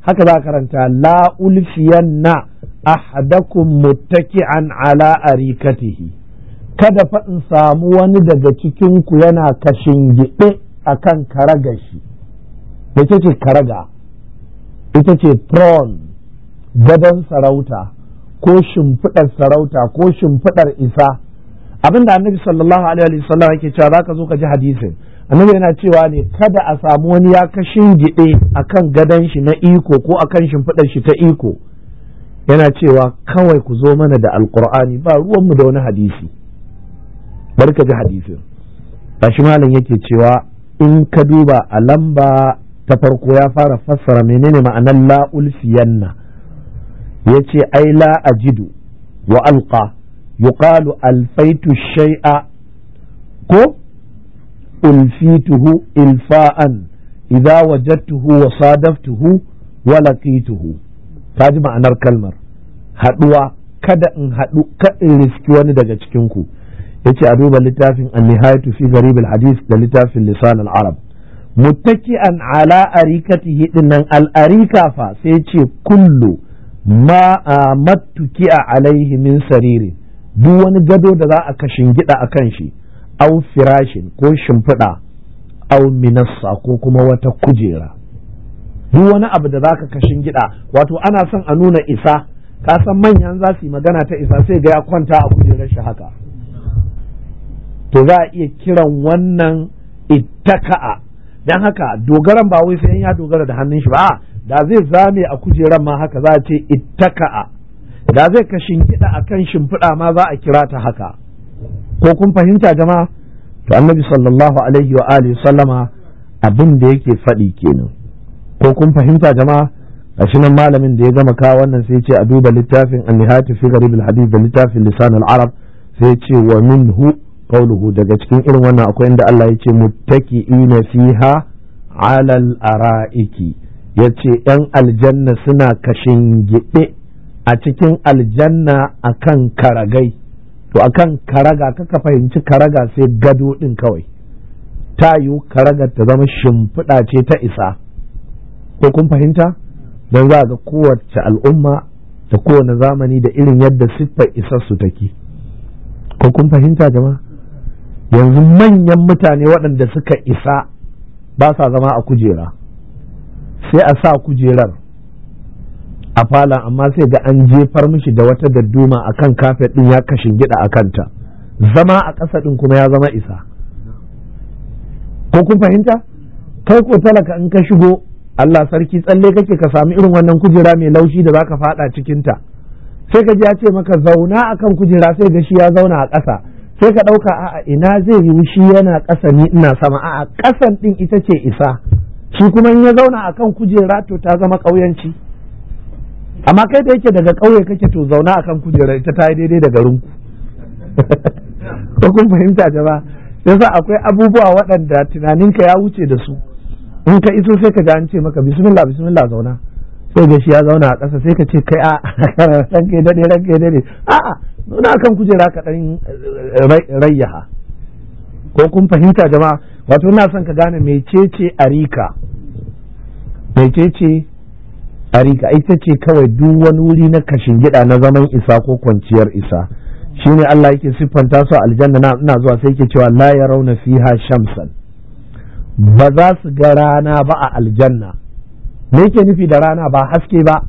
haka za karanta la ulfiyanna ahadakum muttaki'an ala arikatihi kada fa in samu wani daga cikinku yana kashin gibe akan karaga shi da ce karaga ita ce throne gadon sarauta ko shimfiɗar sarauta ko shimfiɗar isa abinda annabi sallallahu alaihi wa sallam yake cewa zaka zo ka ji hadisin annabi yana cewa ne kada a samu wani ya ka a akan gadon shi na iko ko akan shimfiɗar shi ta iko yana cewa kawai ku zo mana da alkur'ani ba ruwan mu da wani hadisi bari ka ji hadisin shi malam yake cewa in ka duba a lamba ta farko ya fara fassara menene ma'anar la'ul yace ai la ajidu wa alqa yuqalu alfaitu shay'a ko ulfituhu ilfa'an idza wajadtuhu wa sadaftuhu wa laqituhu ta ji ma'anar kalmar haduwa kada in haɗu ka in riski wani daga cikin ku yace a duba littafin an-nihayatu fi gharib al-hadith da littafin lisan al-arab muttaki'an ala arikatihi dinnan al-arika fa sai ce kullu ma a mattuki a alaihi min sariri duk wani gado da za a ka shingida a kan shi au firashin ko shimfiɗa au minassa ko kuma wata kujera duk wani abu da za ka ka shingida wato ana son a nuna isa ka san manyan za su yi magana ta isa sai ga ya kwanta a kujerar shi haka to za a iya kiran wannan ittaka'a don haka dogaran ba wai sai ya dogara da hannun shi ba da zai zame a kujeran ma haka za a ce ittaka'a da zai ka kiɗa a kan shimfiɗa ma za a kira ta haka ko kun fahimta jama'a to annabi sallallahu alaihi wa alihi sallama abin da yake faɗi kenan ko kun fahimta jama'a gashi nan malamin da ya gama kawo wannan sai ce a duba littafin an-nihayatu fi gharib hadith da littafin lisan arab sai ce wa minhu qawluhu daga cikin irin wannan akwai inda Allah ya ce muttaqi'ina fiha alal araiki ya ce ‘yan aljanna suna kashin giɓe a cikin aljanna a kan karagai to a kan karaga kaka fahimci karaga sai gado ɗin kawai ta yi karagar ta zama shimfiɗa ce ta isa ko kun fahimta don za ga kowace al'umma da kowane zamani da irin yadda siffar isa su take ko kun fahimta jama'a yanzu manyan mutane waɗanda suka isa ba sa zama a kujera sai a sa kujerar a falon amma sai ga an jefar mishi da wata dadduma kan kafet ɗin ya kashin gida a kanta zama a ƙasa ɗin kuma ya zama isa ko kun fahimta kai ko talaka in ka shigo Allah sarki tsalle kake ka sami irin wannan kujera mai laushi da za zaka fada cikinta sai ka ji ya ce maka zauna a kan kujera sai ga shi ya zauna a ƙasa sai ka ɗauka a'a ina zai yi shi yana ƙasa ni ina sama a'a ƙasan ɗin ita ce isa shi kuma in ya zauna a kan kujera to ta zama ƙauyanci amma kai da yake daga ƙauye kake to zauna a kan kujera ita ta yi daidai da garinku ko kun fahimta jama'a yasa akwai abubuwa waɗanda tunaninka ya wuce da su in ka iso sai ka ji an ce maka bismillah bismillah zauna sai ga shi ya zauna a ƙasa sai ka ce kai a ranke dade ranke dade a'a zauna a kan kujera kaɗan ɗan eh, rayyaha ko kun fahimta jama'a wato ina son ka gane mecece arika mecece arika ita ce kawai duk wani wuri na kashin gida na zaman isa ko kwanciyar isa shine Allah yake siffanta su aljanna na ina zuwa sai yake cewa la ya rauna fiha shamsan ba za su ga rana ba a aljanna me yake nufi da rana ba haske ba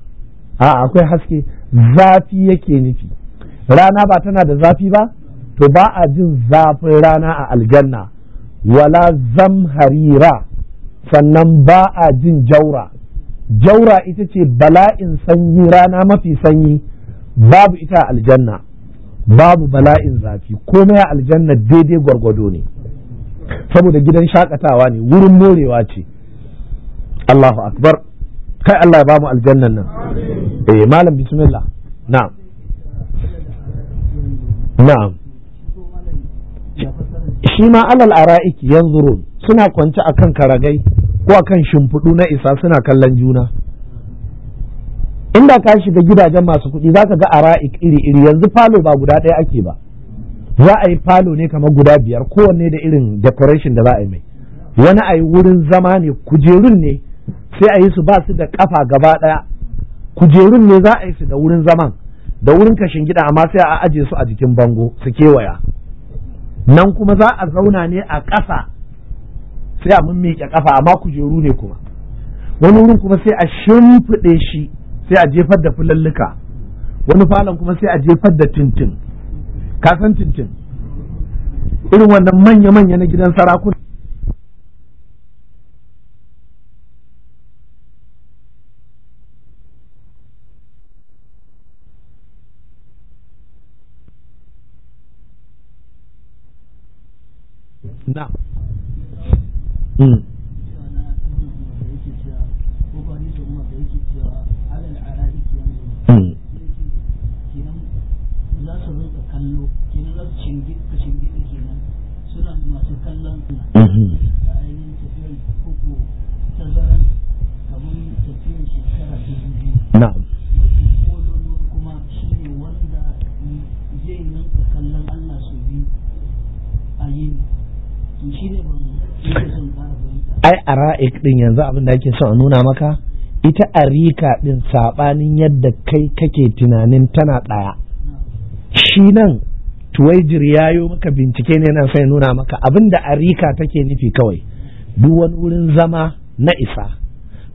a akwai haske zafi yake nufi rana ba tana da zafi ba to ba a jin zafin rana a aljanna wala harira sannan ba a jin jaura jaura ita ce bala'in sanyi rana mafi sanyi babu ita a aljanna babu bala'in zafi komai a aljanna daidai gwargwado ne saboda gidan shakatawa ne wurin morewa ce Allahu akbar kai Allah ya bamu aljannan nan eh malam bismillah na'am na'am shi ma alal ara'ik yanzu suna kwance akan karagai ko a kan shimfiɗu na isa suna kallon juna inda ka shiga gidajen masu kuɗi za ka ga ara'ik iri-iri yanzu falo ba guda ɗaya ake ba za a yi falo ne kamar guda biyar kowanne da irin decoration da za a yi mai wani a yi wurin zama ne kujerun ne sai a yi su ba su da kafa gaba ɗaya kujerun ne za a yi su da wurin zaman da wurin kashin gida amma sai a ajiye su a jikin bango su kewaya nan kuma za a zauna ne a ƙasa sai a mun miƙe ƙafa amma kujeru ne kuma wani wurin kuma sai a shimfiɗe shi sai a jefar da fulalluka wani falon kuma sai a jefar da tintin kasan tintin irin wannan manya-manya na gidan sarakuna 那，嗯。ara'ik din yanzu abin da ake son a nuna maka ita arika din sabanin yadda kai kake tunanin tana ɗaya shi nan tuwai ya yi maka bincike ne nan sai nuna maka abin da arika take nufi kawai duk wani wurin zama na isa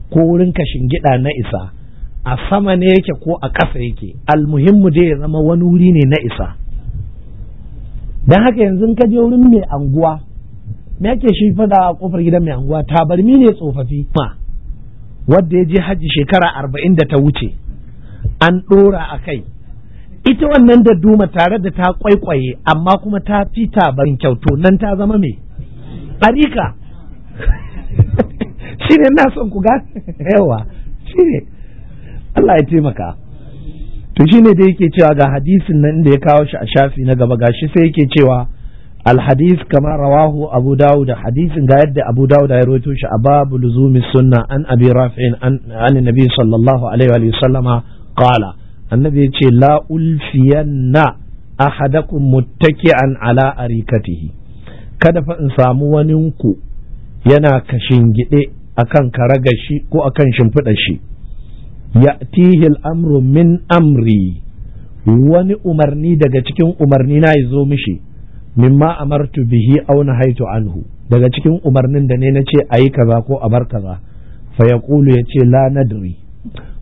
ko wurin ka shingida na isa a sama ne yake ko a ƙasa yake almuhimmu dai ya zama wani wuri ne na isa don haka yanzu ka je wurin mai anguwa me ake shi fada a kofar gidan mai anguwa tabarmi ne tsofaffi ma wadda ya je hajji shekara arba'in da ta wuce an ɗora a kai ita wannan da duma tare da ta kwaikwaye amma kuma ta fi tabarin kyauto nan ta zama mai. ɗarika shi ne na son ku ga yawa shi ne Allah ya taimaka to shi ne da yake cewa ga hadisin nan da ya kawo shi a shafi na gaba gashi sai yake cewa الحديث كما رواه أبو داود حديث قاعد أبو داود يرويتوش أباب لزوم السنة عن أبي رافع عن, عن النبي صلى الله عليه وآله وسلم قال النبي يقول لا ألفين أحدكم متكئا على أريكته kada fa in samu waninku yana kashingiɗe a kan karagar shi ko a kan shimfiɗa shi ya tihil amru min amri wani umarni daga cikin umarni na ya zo mishi mimma amartu bihi aw nahaitu anhu daga cikin umarnin da ne na ce ayi kaza ko a bar kaza fa yaqulu yace la nadri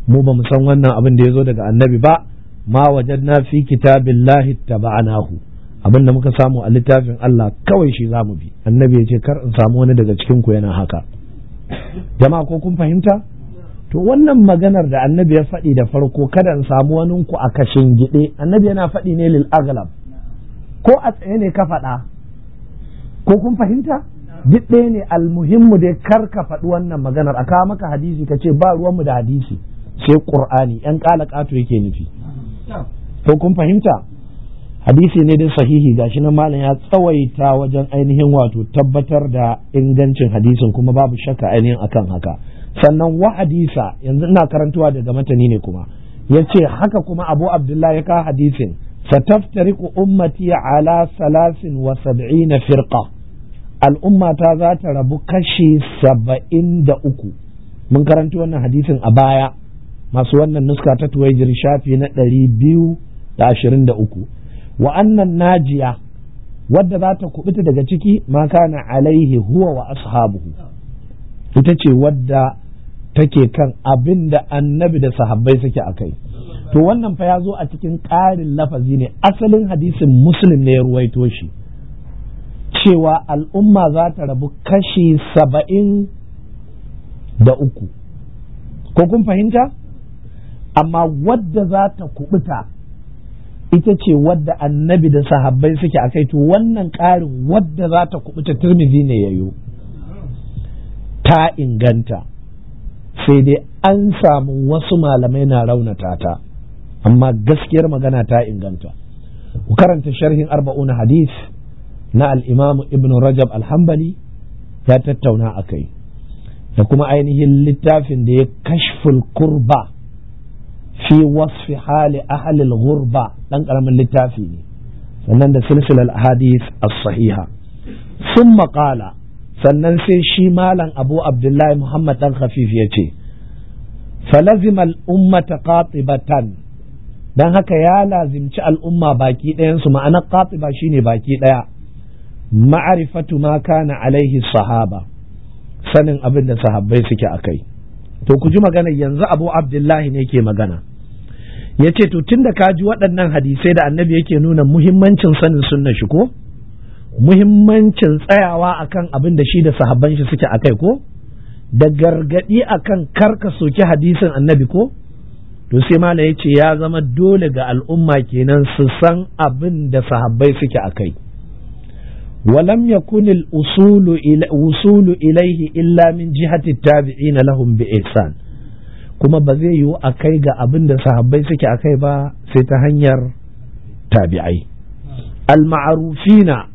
mu bamu san wannan abin da yazo daga annabi ba ma wajadna fi kitabillahi tabanahu abin da muka samu a littafin Allah kawai shi zamu bi annabi yace kar in samu wani daga cikin ku yana haka jama'a ko kun fahimta to wannan maganar da annabi ya faɗi da farko kada in samu wani ku a kashin gide annabi yana faɗi ne lil aghlab ko a tsaye ne ka faɗa ko kun fahimta duk ɗaya ne almuhimmu dai kar ka faɗi wannan maganar a kawo maka hadisi ka ce ba ruwanmu da hadisi sai ƙur'ani ƴan ƙala ƙato yake nufi ko kun fahimta hadisi ne din sahihi gashi na malam ya tsawaita wajen ainihin wato tabbatar da ingancin hadisin kuma babu shakka ainihin akan haka sannan wa hadisa yanzu ina karantuwa daga matani ne kuma yace haka kuma abu abdullahi ya ka hadisin fataftariqu ummati ala salasin wa sab'ina firqa al'umma ta za ta rabu kashi saba'in da uku mun karanta wannan hadisin a baya masu wannan nuska ta tuwaijir shafi na ɗari biyu da ashirin da uku wa'annan najiya wadda za ta kubuta daga ciki ma kana alaihi huwa wa ashabuhu ita ce wadda take kan abin da annabi da sahabbai suke a kai to wannan fa ya zo a cikin ƙarin lafazi ne asalin hadisin muslim ne ya ruwaito shi cewa al'umma za ta rabu kashi saba'in da uku ko kun fahimta amma wadda za ta kubuta ita ce wadda annabi da sahabbai suke a kai to wannan ƙarin wadda za ta kubuta turmizi ne ya yi ta inganta sai dai an samu wasu malamai na raunata ta amma gaskiyar magana ta inganta ku karanta sharhin arba'una hadis na al'imamu ibn rajab alhambali ya tattauna a kai da kuma ainihin littafin da ya kashful kurba fi wasfi hali ahalil gurba ɗan ƙaramin littafi ne sannan da silsilar hadis as-sahiha sun maƙala sannan sai shi malam abu abdullahi muhammad dan Hafif ya ce falazimal ummata qatibatan dan haka ya lazimci al'umma baki ɗayansu ma'anar qatiba shine baki ɗaya ma'arifatu ma kana alaihi sahaba sanin abin da sahabbai suke akai to ku ji magana yanzu abu abdullahi ne ke magana ya ce to tun da ka ji waɗannan hadisai da annabi yake nuna muhimmancin sanin sunna shi ko muhimmancin tsayawa akan abin da shi da sahabban shi suke akai ko da gargadi akan karka soki hadisin annabi ko to sai mala ya ce ya zama dole ga al'umma kenan su san abin da sahabbai suke akai walam yakun al-usulu ila usulu illa min jihati tabi'in lahum bi ihsan kuma ba zai yiwu akai kai ga abin da sahabbai suke a kai ba sai ta hanyar tabi'ai al-ma'arufina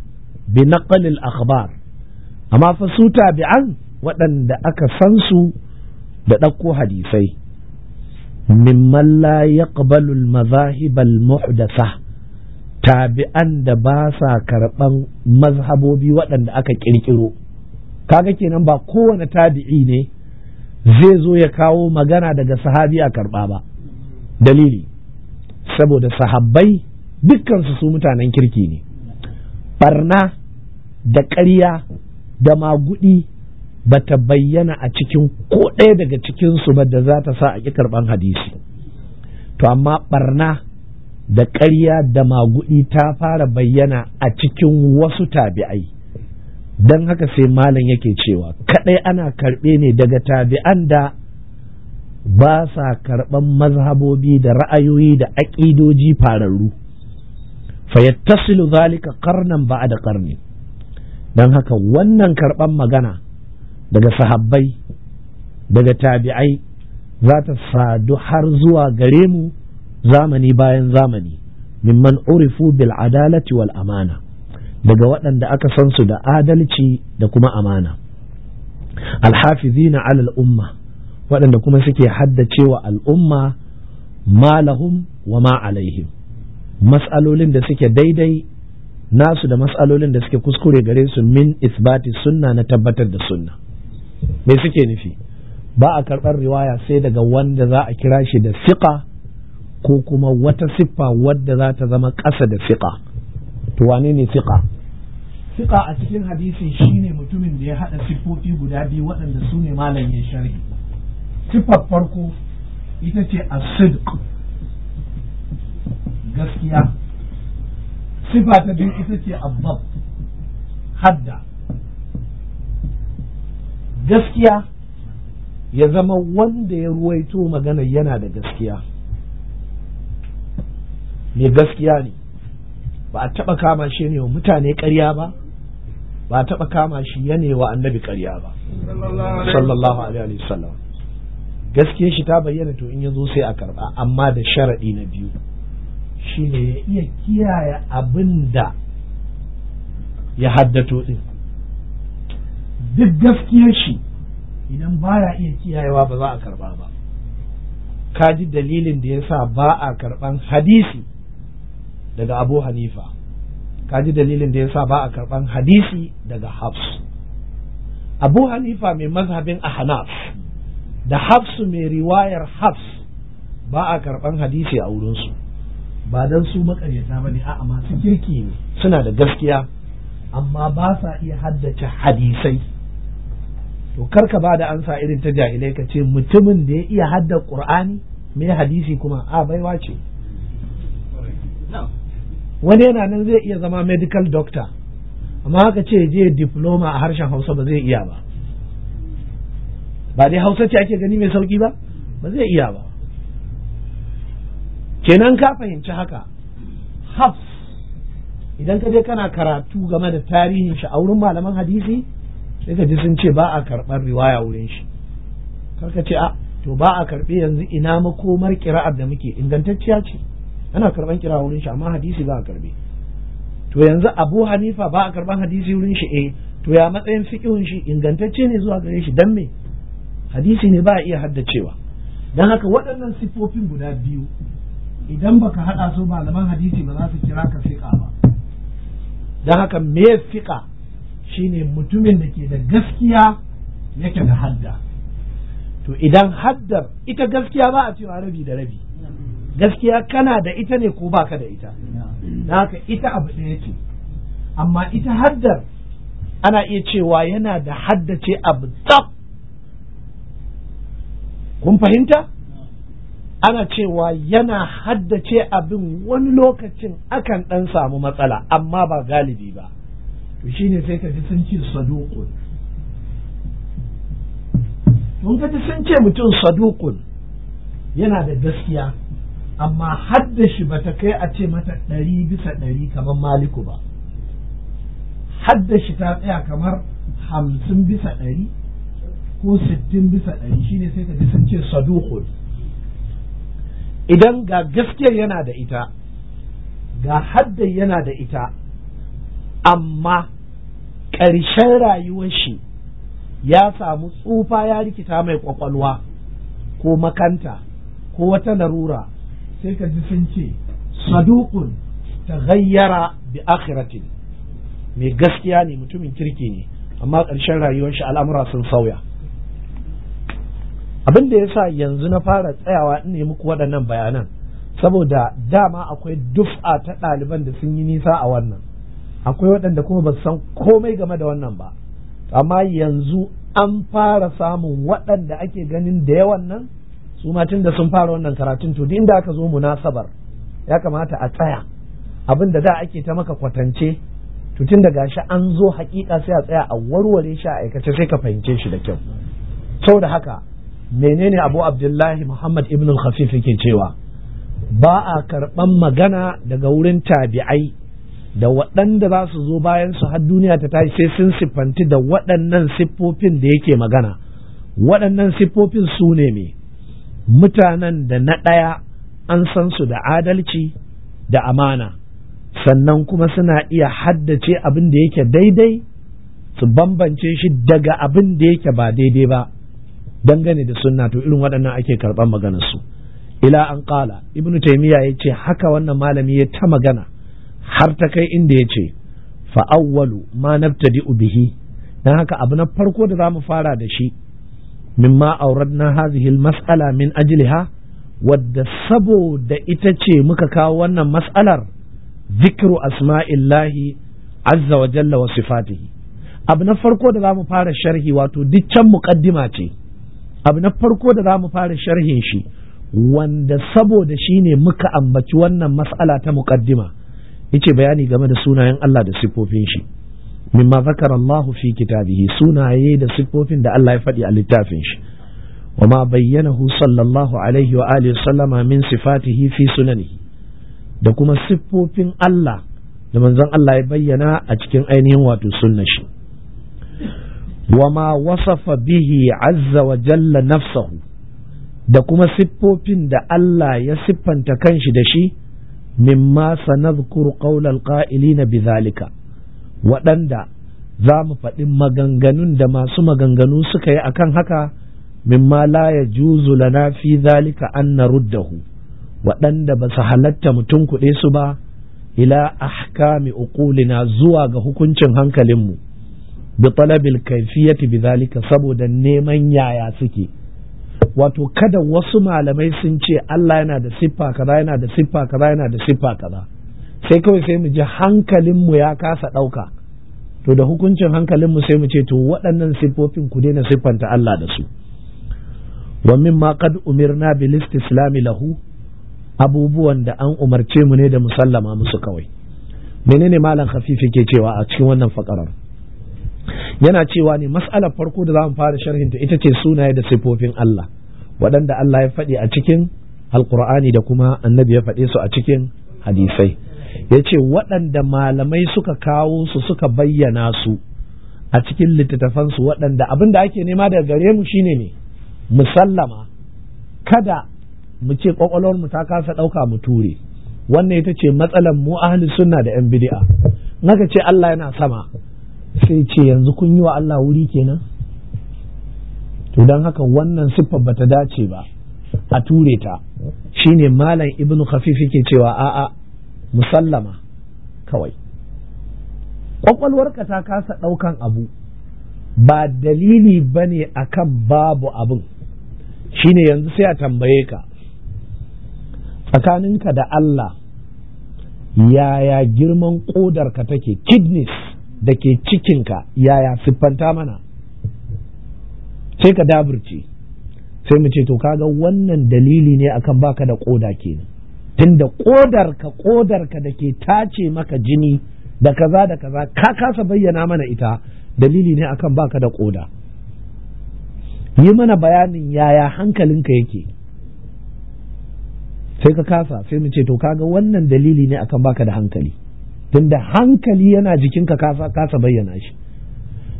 bi naqalil akhbar amma fa su tabi'an waɗanda aka san su da ɗauko hadisai mimman la yaqbalu al al-muhdatha tabi'an da ba sa karɓan mazhabobi waɗanda aka ƙirƙiro kaga kenan ba kowane tabi'i ne zai zo ya kawo magana daga sahabi a karɓa ba dalili saboda sahabbai dukkansu su mutanen kirki ne barna da ƙarya da magudi ba ta bayyana a cikin ko ɗaya daga cikinsu ba da za ta sa a ƙi karɓan hadisi to amma barna da ƙarya da magudi ta fara bayyana a cikin wasu tabi'ai don haka sai malam yake cewa kaɗai ana karɓe ne daga tabi'an da ba sa karɓan mazhabobi da ra'ayoyi da aƙidoji fararru fayattasilu zalika karnan da karni don haka wannan karɓan magana daga sahabbai daga tabi'ai za ta sadu har zuwa gare mu zamani bayan zamani mimman urifu bil adalati wal amana daga waɗanda aka san su da adalci da kuma amana alhafizina alal umma waɗanda kuma suke haddacewa al'umma ma lahum wa ma alaihim matsalolin da suke daidai nasu da matsalolin da suke kuskure gare su min isbati sunna na tabbatar da sunna me suke nufi ba a karɓar riwaya sai daga wanda za a kira shi da siƙa ko kuma wata siffa wadda za ta zama ƙasa da siƙa to wane ne siƙa siƙa a cikin hadisi shine mutumin da ya haɗa siffofi guda biyu waɗanda su ne malam ya shari'i siffar farko ita ce as-sidq gaskiya sifa ta biyu ita ce abbab hadda gaskiya ya zama wanda ya ruwaito magana yana da gaskiya mai gaskiya ne ba a taɓa kama shi ne wa mutane karya ba ba a taɓa kama shi yane wa annabi ƙarya ba sallallahu alaihi wasallam gaskiyar shi ta bayyana to in ya zo sai a karɓa amma da sharaɗi na biyu ne ya iya kiyaye abin da ya haddato ɗin duk gaskiyar shi idan ba ya iya kiyayewa ba za a karba ba ka ji dalilin da ya sa ba a karban hadisi daga abu hanifa ka ji dalilin da ya sa ba a karban hadisi daga hafs abu hanifa mai mazhabin ahnaf da hafsu mai riwayar hafs ba a karɓan hadisi a wurinsu ba dan su makaryata bane a'a masu kirki ne suna da gaskiya amma ba sa iya haddace hadisai to karka ba da ansa irin ta jahilai ka ce mutumin da ya iya hadda qur'ani mai hadisi kuma a baiwa ce wani yana nan zai iya zama medical doctor amma haka ce je diploma a harshen hausa ba zai iya ba ba dai hausa ce ake gani mai sauki ba ba zai iya ba kenan ka fahimci haka hafs idan ka je kana karatu game da tarihin shi a wurin malaman hadisi sai ka ji sun ce ba a karɓar riwaya wurin shi karka ce a to ba a karɓi yanzu ina makomar kira'ar da muke ingantacciya ce ana karɓar kira wurin shi amma hadisi ba a karɓe to yanzu abu hanifa ba a karɓar hadisi wurin shi eh to ya matsayin fiƙihun shi ingantacce ne zuwa gare shi dan me hadisi ne ba a iya haddacewa don haka waɗannan siffofin guda biyu idan baka hada su malaman hadisi ba za su kira ka fiqa ba dan haka me fiqa shine mutumin da ke da gaskiya yake da hadda to idan haddar ita gaskiya ba a cewa rabi da rabi gaskiya kana da ita ne ko baka da ita Na haka ita abu ɗaya ce amma ita haddar ana iya cewa yana da haddace abu tsaf kun fahimta ana cewa yana haddace abin wani lokacin akan ɗan samu matsala amma ba galibi ba shi ne sai ka ji sun ce sadukun mun ka ji sun ce mutum sadukun yana da gaskiya amma haddashi ba ta kai a ce mata ɗari bisa ɗari kamar maliku ba haddashi ta tsaya kamar hamsin bisa ɗari ko sittin bisa ɗari shine sai ka ji sun ce sadukun idan ga gaskiyar yana da ita ga haddai yana da ita amma ƙarshen rayuwar shi ya samu tsufa ya rikita mai ƙwaƙwalwa ko makanta ko wata larura sai ka ji sun ce saduqun ta bi akhiratin mai gaskiya ne mutumin kirki ne amma ƙarshen rayuwar shi al'amura sun sauya abin da sa yanzu na fara tsayawa in yi muku waɗannan bayanan saboda dama akwai duf'a ta ɗaliban da sun yi nisa a wannan akwai waɗanda kuma ba san komai game da wannan ba amma yanzu an fara samun waɗanda ake ganin da yawan nan su tun da sun fara wannan karatun to duk inda aka zo munasabar ya kamata a tsaya abin da da ake ta maka kwatance to tun da gashi an zo hakika sai a tsaya a warware shi a aikace sai ka fahimce shi da kyau saboda haka menene abu abdullahi muhammad ibn al-khafif yake cewa ba a karɓan magana daga wurin tabi'ai da waɗanda za su zo bayan su har duniya ta tashi sai sun siffanti da waɗannan siffofin da yake magana waɗannan siffofin su ne me mutanen da na ɗaya an san su da adalci da amana sannan kuma suna iya haddace abin da yake daidai su bambance shi daga abin da yake ba daidai ba dangane da sunna to irin waɗannan ake karɓar maganar su ila an ƙala ibnu taymiya ya ce haka wannan malami ya ta magana har ta kai inda ya ce fa'awwalu ma nabtadi'u bihi dan haka abu na farko da zamu fara da shi mimma auradna hadhihi al-mas'ala min ajliha wadda saboda ita ce muka kawo wannan mas'alar zikru asma'illahi azza wa jalla wa sifatihi abu na farko da za mu fara sharhi wato diccan muqaddima ce abu na farko da za mu fara sharhin shi wanda saboda shi ne muka ambaci wannan mas'ala ta muqaddima yace bayani game da sunayen Allah da siffofin shi mimma zakara Allah fi kitabihi sunaye da siffofin da Allah ya faɗi a littafin shi wa ma bayyanahu sallallahu alaihi wa alihi sallama min sifatihi fi sunanihi da kuma siffofin Allah da manzon Allah ya bayyana a cikin ainihin wato sunnashi shi wama wasafa bihi azza wa jalla nafsahu da kuma siffofin da Allah ya siffanta kanshi da shi mimma sanadhkuru qawlal qa'ilina bidhalika waɗanda za mu faɗi maganganun da masu maganganu suka yi akan haka mimma la ya juzu lana fi zalika an naruddahu waɗanda ba su halatta mutum kuɗe su ba ila ahkami uqulina zuwa ga hukuncin hankalinmu bi talabil kayfiyati bidhalika saboda neman yaya suke wato kada wasu malamai sun ce Allah yana da siffa kaza yana da siffa kaza yana da siffa kaza sai kawai sai mu ji hankalin mu ya kasa ɗauka to da hukuncin hankalin mu sai mu ce to waɗannan siffofin ku daina siffanta Allah da su wa mimma qad umirna bil istislami lahu abubuwan da an umarce mu ne da musallama musu kawai menene malam khafifi ke cewa a cikin wannan fakarar yana cewa ne mas'alar farko da za mu fara ta ita ce sunaye da sifofin Allah waɗanda Allah ya faɗi a cikin alkur'ani da kuma annabi ya faɗe su a cikin hadisai ya ce waɗanda malamai suka kawo su suka bayyana su a cikin littattafansu waɗanda abin da ake nema daga gare mu shine ne musallama kada mu ce mu ta kasa ɗauka mu ture wannan ita ce matsalar mu ahli sunna da yan bid'a naka ce Allah yana sama sai ce yanzu kun yi wa Allah wuri kenan to don haka wannan siffar bata dace ba a ture ta shine malam ibnu khafif yake cewa a'a musallama kawai ka ta kasa ɗaukan abu ba dalili bane ne a kan babu abin shine yanzu sai a tambaye ka tsakaninka da Allah yaya girman ƙodarka take kidneys da ke cikinka yaya siffanta mana sai ka daburce sai mu ce to kaga wannan dalili ne akan baka da koda kenan tunda kodarka kodarka da ke tace maka jini da kaza da kaza ka kasa bayyana mana ita dalili ne akan baka da koda yi mana bayanin yaya hankalinka yake sai ka kasa sai mu ce to kaga wannan dalili ne akan baka da hankali tunda hankali yana jikinka kasa bayyana shi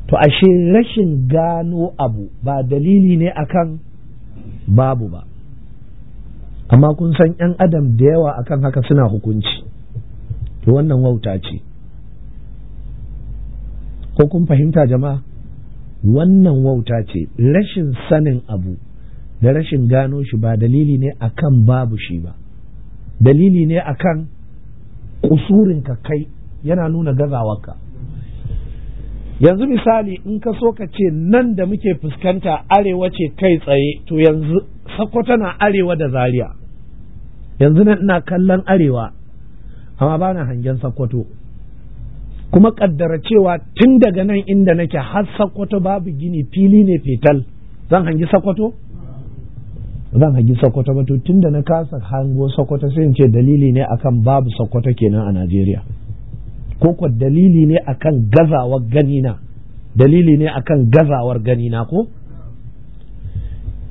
to ashe rashin gano abu ba dalili ne akan babu ba amma kun san 'yan adam da yawa akan haka suna hukunci to wannan wauta ce ko kun fahimta jama'a wannan wauta ce rashin sanin abu da rashin gano shi ba dalili ne akan babu shi ba dalili ne akan ka kai yana nuna gazawarka yanzu misali in ka so ka ce nan da muke fuskanta arewa ce kai tsaye to yanzu sakwato na arewa da zaria yanzu nan ina kallon arewa amma ba na hangen sakwato, kuma kaddara cewa tun daga nan inda nake har sakwato babu gini fili ne fetal zan hangi sakwato. zan hagi sokoto ba to tunda na kasa hango sokoto sai in ce dalili ne akan babu sokoto kenan a najeriya ko ko dalili ne akan gazawar ganina dalili ne akan gazawar ganina ko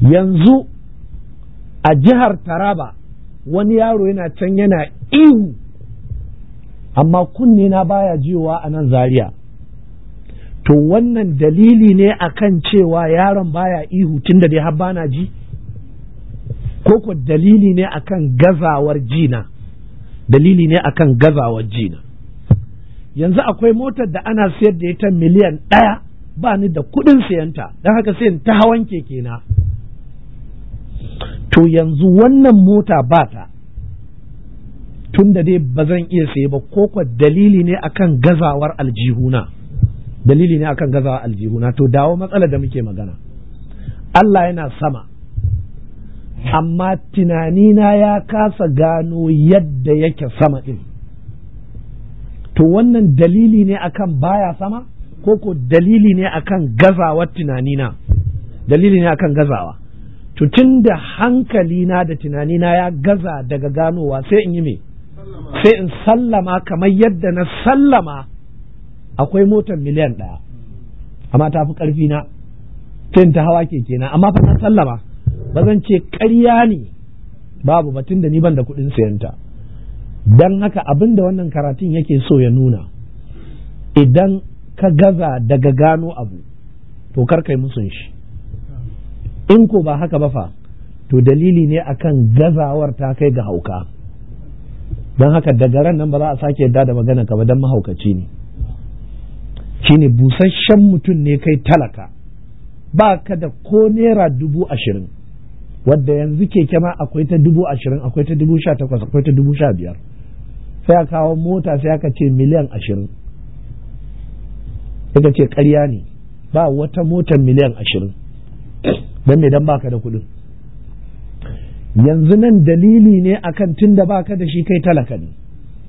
yanzu a jihar taraba wani yaro yana can yana ihu amma kunne na baya jiwa a nan zaria to wannan dalili ne akan cewa yaron baya ihu tunda dai har bana ji ko ko dalili ne akan gazawar jina dalili ne akan gazawar jina yanzu akwai motar da ana sayar da ita miliyan ɗaya ba ni da kuɗin sayanta don haka sai ta hawan keke na to yanzu wannan mota ba ta tun da dai ba iya saye ba ko kwa dalili ne akan gazawar aljihuna dalili ne akan gazawar aljihuna to dawo matsalar da muke magana Allah yana sama amma tunanina ya kasa gano yadda yake sama ɗin to wannan dalili ne akan baya sama ko ko dalili ne akan gazawar tunanina dalili ne akan gazawa to tunda hankalina da tunanina ya gaza daga ganowa sai in yi me sai in sallama kamar yadda na sallama akwai motar miliyan ɗaya amma ta fi ƙarfi na ta hawa keke na amma fa na sallama ba zan ce karya ne babu batun da ni ban da kuɗin sayanta don haka abin da wannan karatun yake so ya nuna idan ka gaza daga gano abu to karkai musun shi in ko ba haka ba fa to dalili ne akan gazawar ta kai ga hauka don haka daga ran nan ba za a sake yadda da magana ka ba don mahaukaci ne shine busasshen mutum ne kai talaka ba ka da ko naira dubu ashirin wadda yanzu keke ma akwai ta dubu ashirin akwai ta dubu sha takwas akwai ta dubu sha biyar sai a kawo mota sai aka ce miliyan ashirin suka ce karya ne ba wata motar miliyan ashirin don me dan baka da kuɗin yanzu nan dalili ne akan da baka da shi kai talaka ne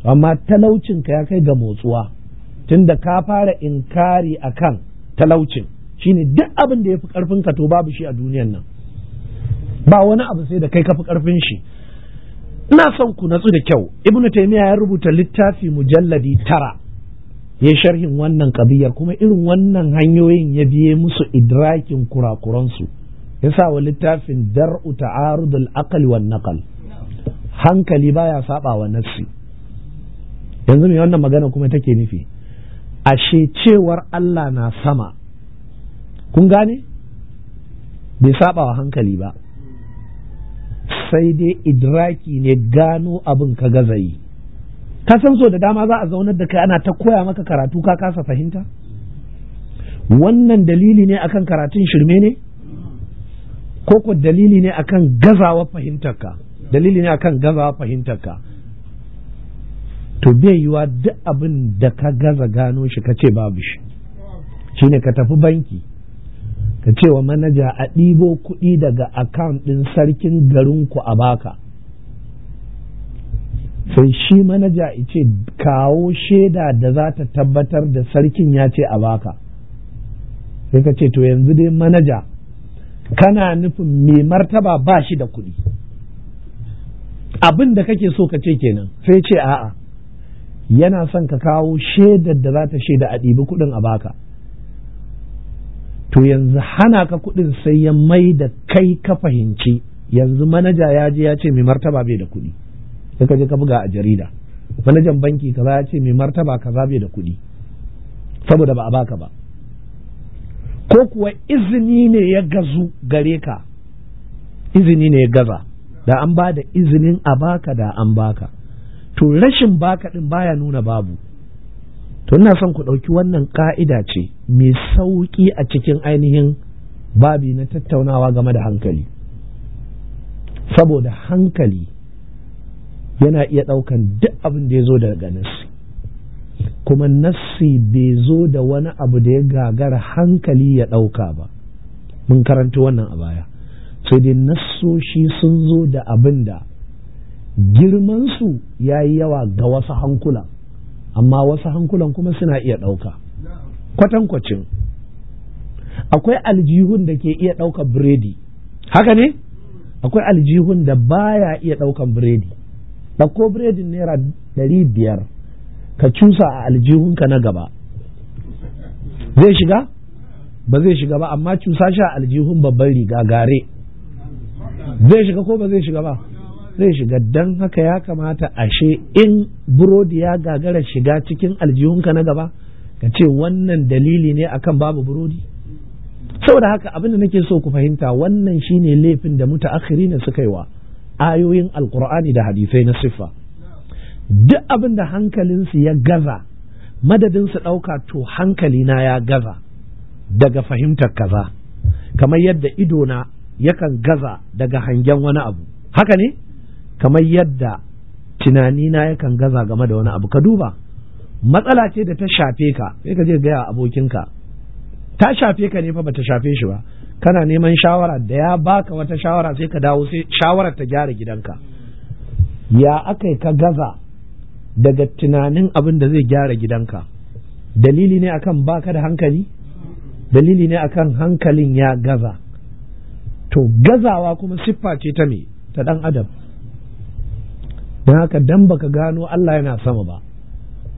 amma talaucinka ya kai ga motsuwa tunda ka fara inkari akan talaucin shine duk abin da ya fi karfin ka to babu shi a duniyan nan ba wani abu sai da kai kafi karfin shi ina son ku natsu da kyau ibnu taymiya ya rubuta littafi mujalladi tara ya sharhin wannan kabiyar kuma irin wannan hanyoyin ya biye musu idrakin kurakuransu ya sa wa littafin dar'u ta'arudul aqli wan naqal hankali baya saba wa nafsi yanzu mai wannan magana kuma take nufi ashe cewar Allah na sama kun gane bai saba wa hankali ba sai dai idraki ne gano abin ka gaza yi ka san so da dama za a zaunar da kai ana ta koya maka karatu ka kasa fahimta wannan dalili ne akan karatun shirme ne ko ko dalili ne akan gazawa fahimtarka dalili ne akan gazawa fahimtarka to bai yiwa duk abin da ka gaza gano shi ka ce babu shi shine ka tafi banki ka ce wa manaja a ɗibo kuɗi daga akawun ɗin sarkin garinku a baka sai shi manaja ce kawo shaida da za ta tabbatar da sarkin ya ce a baka sai ka ce to yanzu dai manaja kana nufin mai martaba ba shi da kuɗi abin da kake so ka ce kenan sai ce a'a yana son ka kawo shaidar da za ta shaida a ɗibi kuɗin a baka to yanzu hana ka kuɗin sai ya mai da kai ka fahimci yanzu manaja ya je ya ce mai martaba bai da kuɗi sai ka je ka buga a jarida manajan banki kaza ya ce mai martaba kaza bai da kuɗi saboda ba a baka ba ko kuwa izini ne ya gazu gare ka izini ne ya gaza da an ba da izinin a baka da an baka to rashin baka din baya nuna babu to ina son ku ɗauki wannan ka'ida ce mai sauƙi a cikin ainihin babi na tattaunawa game da hankali saboda hankali yana iya ɗaukan duk abin da ya zo daga nassi kuma nassi bai zo da wani abu da ya gagara hankali ya ɗauka ba mun karanta wannan a baya sai dai nassoshi sun zo da abin da girmansu ya yi yawa ga wasu hankula amma wasu hankulan kuma suna iya ɗauka kwatankwacin akwai aljihun da ke iya ɗaukar biredi haka ne akwai aljihun da baya iya ɗaukar biredi ɗauko biredin naira ɗari biyar ka cusa a aljihunka na gaba zai shiga ba zai shiga ba amma cusa shi a aljihun babban riga gare zai shiga ko ba zai shiga ba zai shiga dan haka ya kamata ashe in burodi ya gagara shiga cikin aljihunka na gaba ka ce wannan dalili ne akan babu burodi saboda haka abin da nake so ku fahimta wannan shine laifin da mutaakhiri ne suka yi wa ayoyin alkur'ani da hadisai na siffa duk abin da hankalinsu ya gaza madadin su ɗauka to hankali na ya gaza daga fahimtar kaza kamar yadda idona yakan gaza daga hangen wani abu haka ne kamar yadda tunanina yakan gaza game da wani abu ka duba matsala ce da ta shafe ka sai ka je gaya abokinka ta shafe ka ne fa bata shafe shi ba kana neman shawara da ya baka wata shawara sai ka dawo sai shawarar ta gyara gidanka ya aka ka gaza daga tunanin abin da zai gyara gidanka dalili ne akan baka da hankali dalili ne akan hankalin ya gaza to gazawa kuma siffa ce ta me ta dan adam don haka dan baka gano Allah yana sama ba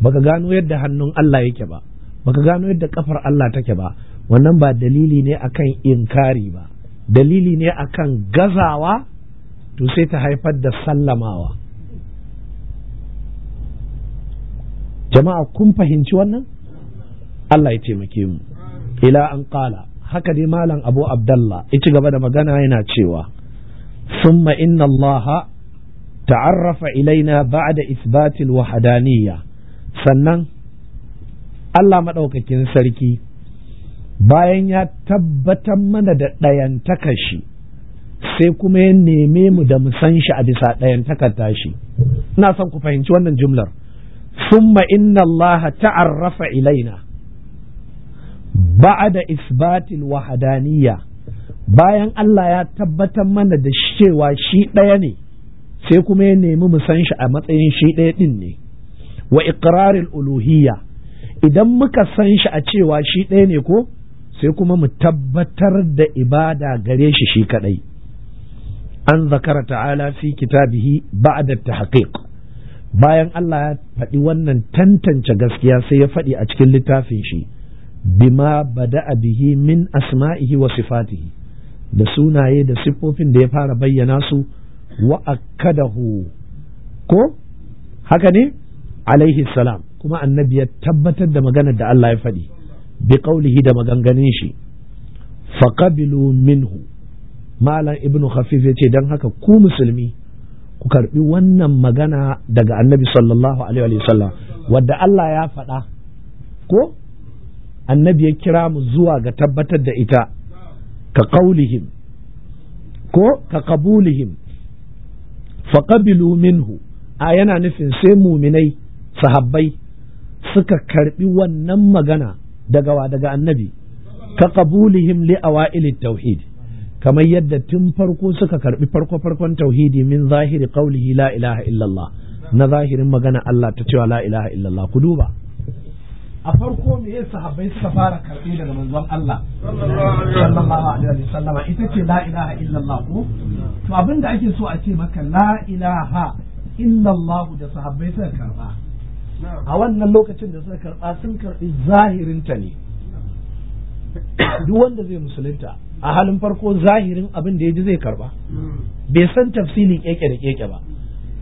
baka gano yadda hannun Allah yake ba baka gano yadda kafar Allah take ba wannan ba dalili ne akan inkari ba dalili ne akan gazawa to sai ta haifar da sallamawa jama'a kun fahimci wannan Allah ya taimake mu ila an qala haka dai malam abu abdallah ya ci gaba da magana yana cewa summa inna allaha ta'arrafa ilaina ba'da isbatil wahdaniyya sannan Allah maɗaukakin sarki bayan ya tabbatar mana da ɗayantaka shi sai kuma ya neme mu da mu san shi a bisa ɗayantakar tashi ina son ku fahimci wannan jumlar summa inna Allah ta'arrafa ilaina ba'da isbatil Wahadaniya bayan Allah ya tabbatar mana da cewa shi ɗaya ne sai kuma ya nemi mu san shi a matsayin shi ɗaya ɗin ne wa iqrarul uluhiyya idan muka san shi a cewa shi ɗaya ne ko sai kuma mu tabbatar da ibada gare shi shi kaɗai. an zakara ta'ala fi kitabihi ba'da tahqiq bayan Allah ya faɗi wannan tantance gaskiya sai ya faɗi a cikin littafin shi bima bada'a bihi min asma'ihi wa sifatihi da sunaye da siffofin da ya fara bayyana su wa akkadahu ko haka ne alaihi salam kuma annabi ya tabbatar da maganar da Allah ya faɗi bi qaulihi da maganganin shi faqabilu minhu malam ibnu khafif ya ce dan haka ku musulmi ku karbi wannan magana daga annabi sallallahu alaihi wasallam wadda Allah ya faɗa ko annabi ya kira mu zuwa ga tabbatar da ita ka qaulihim ko ka qabulihim faqabilu minhu a yana nufin sai muminai sahabbai suka karbi wannan magana daga wa daga annabi ka qabulihim li awailit tauhid kamar yadda tun farko suka karbi farko farkon tauhidi min zahiri qawlihi la ilaha illallah na zahirin magana Allah ta cewa la ilaha illallah ku duba a farko me ya sahabbai suka fara karɓi daga manzon Allah sallallahu alaihi sallama ita ce la ilaha illallah ko to abin da ake so a ce maka la ilaha illallah da sahabbai suka karɓa a wannan lokacin da suka karɓa sun karɓi zahirinta ne duk wanda zai musulunta a halin farko zahirin abin da ya ji zai karɓa bai san tafsilin keke da keke ba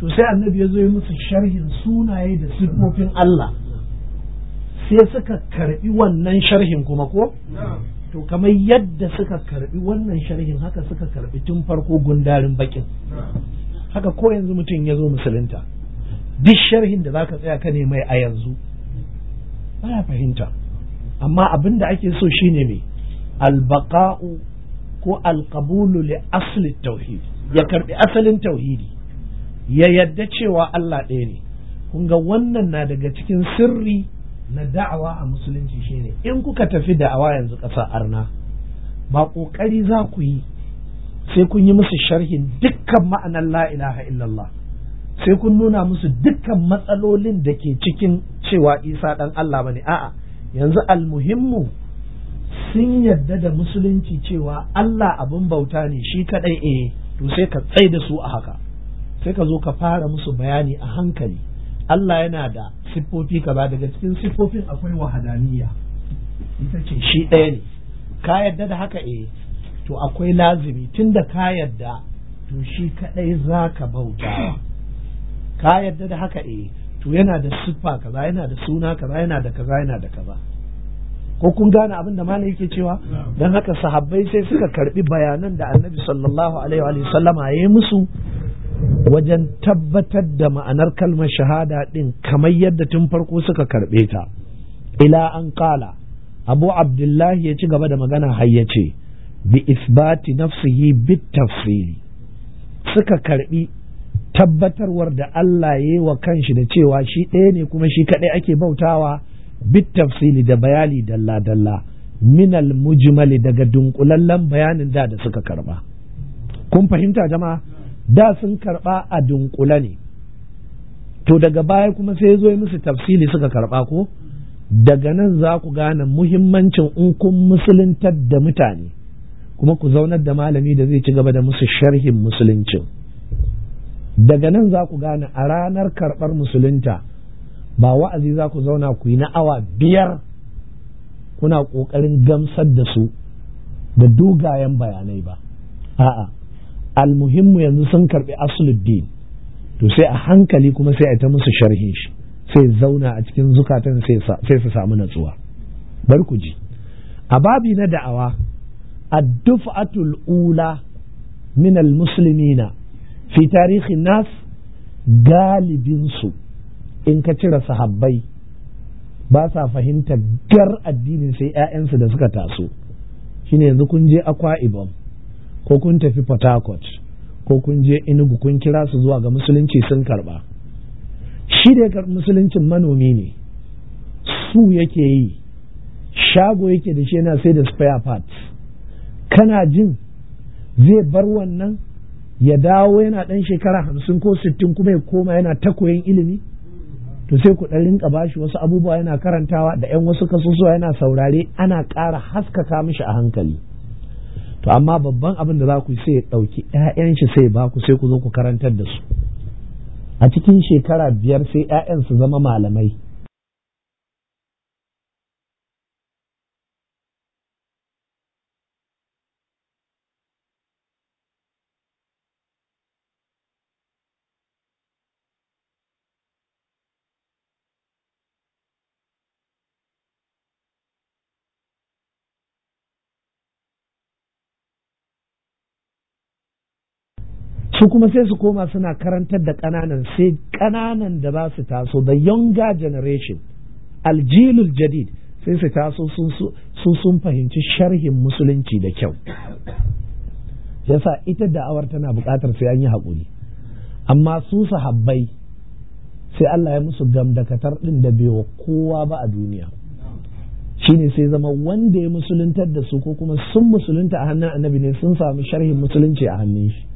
to sai annabi ya zo ya musu sharhin sunaye da siffofin Allah sai suka karbi wannan sharhin kuma ko to kamar yadda suka karbi wannan sharhin haka suka karbi tun farko gundarin bakin haka ko yanzu mutum ya zo musulunta duk sharhin da za ka tsaya ka mai a yanzu baya fahimta amma abin da ake so shine mai albaka'u ko alkabulu li asli tauhid ya karbi asalin tauhidi ya yadda cewa Allah ɗaya ne kun wannan na daga cikin sirri na da'awa a musulunci shine in kuka tafi da'awa yanzu ƙasa arna ba ƙoƙari za ku yi sai kun yi musu sharhin dukkan ma'anar la ilaha illallah sai kun nuna musu dukkan matsalolin da ke cikin cewa isa ɗan Allah bane a'a yanzu almuhimmu sun yarda da musulunci cewa Allah abin bauta ne shi kaɗai eh to sai ka tsai da su a haka sai ka zo ka fara musu bayani a hankali Allah yana da siffofi kaba daga cikin siffofin akwai wahadaniya ita ce shi ɗaya ne ka yadda da haka eh to akwai lazimi tunda ka yadda to shi kaɗai za ka bauta ka yadda da haka eh to yana da siffa kaza yana da suna kaza yana da kaza yana da kaza ko kun gane abin da malam yake cewa dan haka sahabbai sai suka karbi bayanan da annabi sallallahu alaihi wa sallama ya yi musu wajen tabbatar da ma'anar kalmar shahada ɗin kamar yadda tun farko suka karɓe ta ila an ƙala abu abdullahi ya ci gaba da magana har ya ce bi isbati nafsihi bit tafsili suka karɓi tabbatarwar da Allah ya yi wa kanshi da cewa shi ɗaya ne kuma shi kaɗai ake bautawa bit tafsili da bayani dalla-dalla minal mujmali daga dunkulallen bayanin da da suka karɓa kun fahimta jama'a da sun karɓa a dunkula ne to daga baya kuma sai ya zo yi musu tafsili suka karɓa ko daga nan za ku gane muhimmancin in kun musuluntar da mutane kuma ku zaunar da malami da zai ci gaba da musu sharhin musuluncin daga nan za ku gane a ranar karɓar musulunta ba wa'azi za ku zauna ku yi na awa biyar kuna ƙoƙarin gamsar da su da dogayen bayanai ba a'a almuhimmu yanzu sun karbi asuluddin to sai a hankali kuma sai a ta musu sharhin shi sai zauna a cikin zukatan sai su samu natsuwa bar ku ji a babi na da'awa الدفعة الأولى من المسلمين في tarihin الناس galibin in ka cire sahabbai ba sa fahimtar gar addinin sai 'ya'yansu da suka taso shine yanzu kun je akwa ibom ko kun tafi port harcourt ko kun je inugu kun kira su zuwa ga musulunci sun karba shi da musuluncin manomi ne su yake yi shago yake da shi yana sai da spare parts kana jin zai bar wannan ya dawo yana ɗan shekara hamsin ko sittin kuma ya koma yana ta koyon ilimi to sai ku ɗan rinka bashi wasu abubuwa yana karantawa da 'yan wasu kasusuwa yana saurare ana ƙara haskaka mishi a hankali to amma babban abin da za ku sai ɗauki ‘ya'yan shi sai ba ku sai ku zo ku karantar da su a cikin shekara biyar sai ‘ya'yan su zama malamai su kuma sai su koma suna karantar da ƙananan sai ƙananan da ba su taso the younger generation aljilul jadid sai su taso sun sun fahimci sharhin musulunci da kyau yasa ita da'awar tana buƙatar sai an yi haƙuri amma su sahabbai sai Allah ya musu gamdakatar ɗin da bai wa kowa ba a duniya shine sai zama wanda ya musuluntar da su ko kuma sun musulunta a hannun annabi ne sun samu sharhin musulunci a hannun shi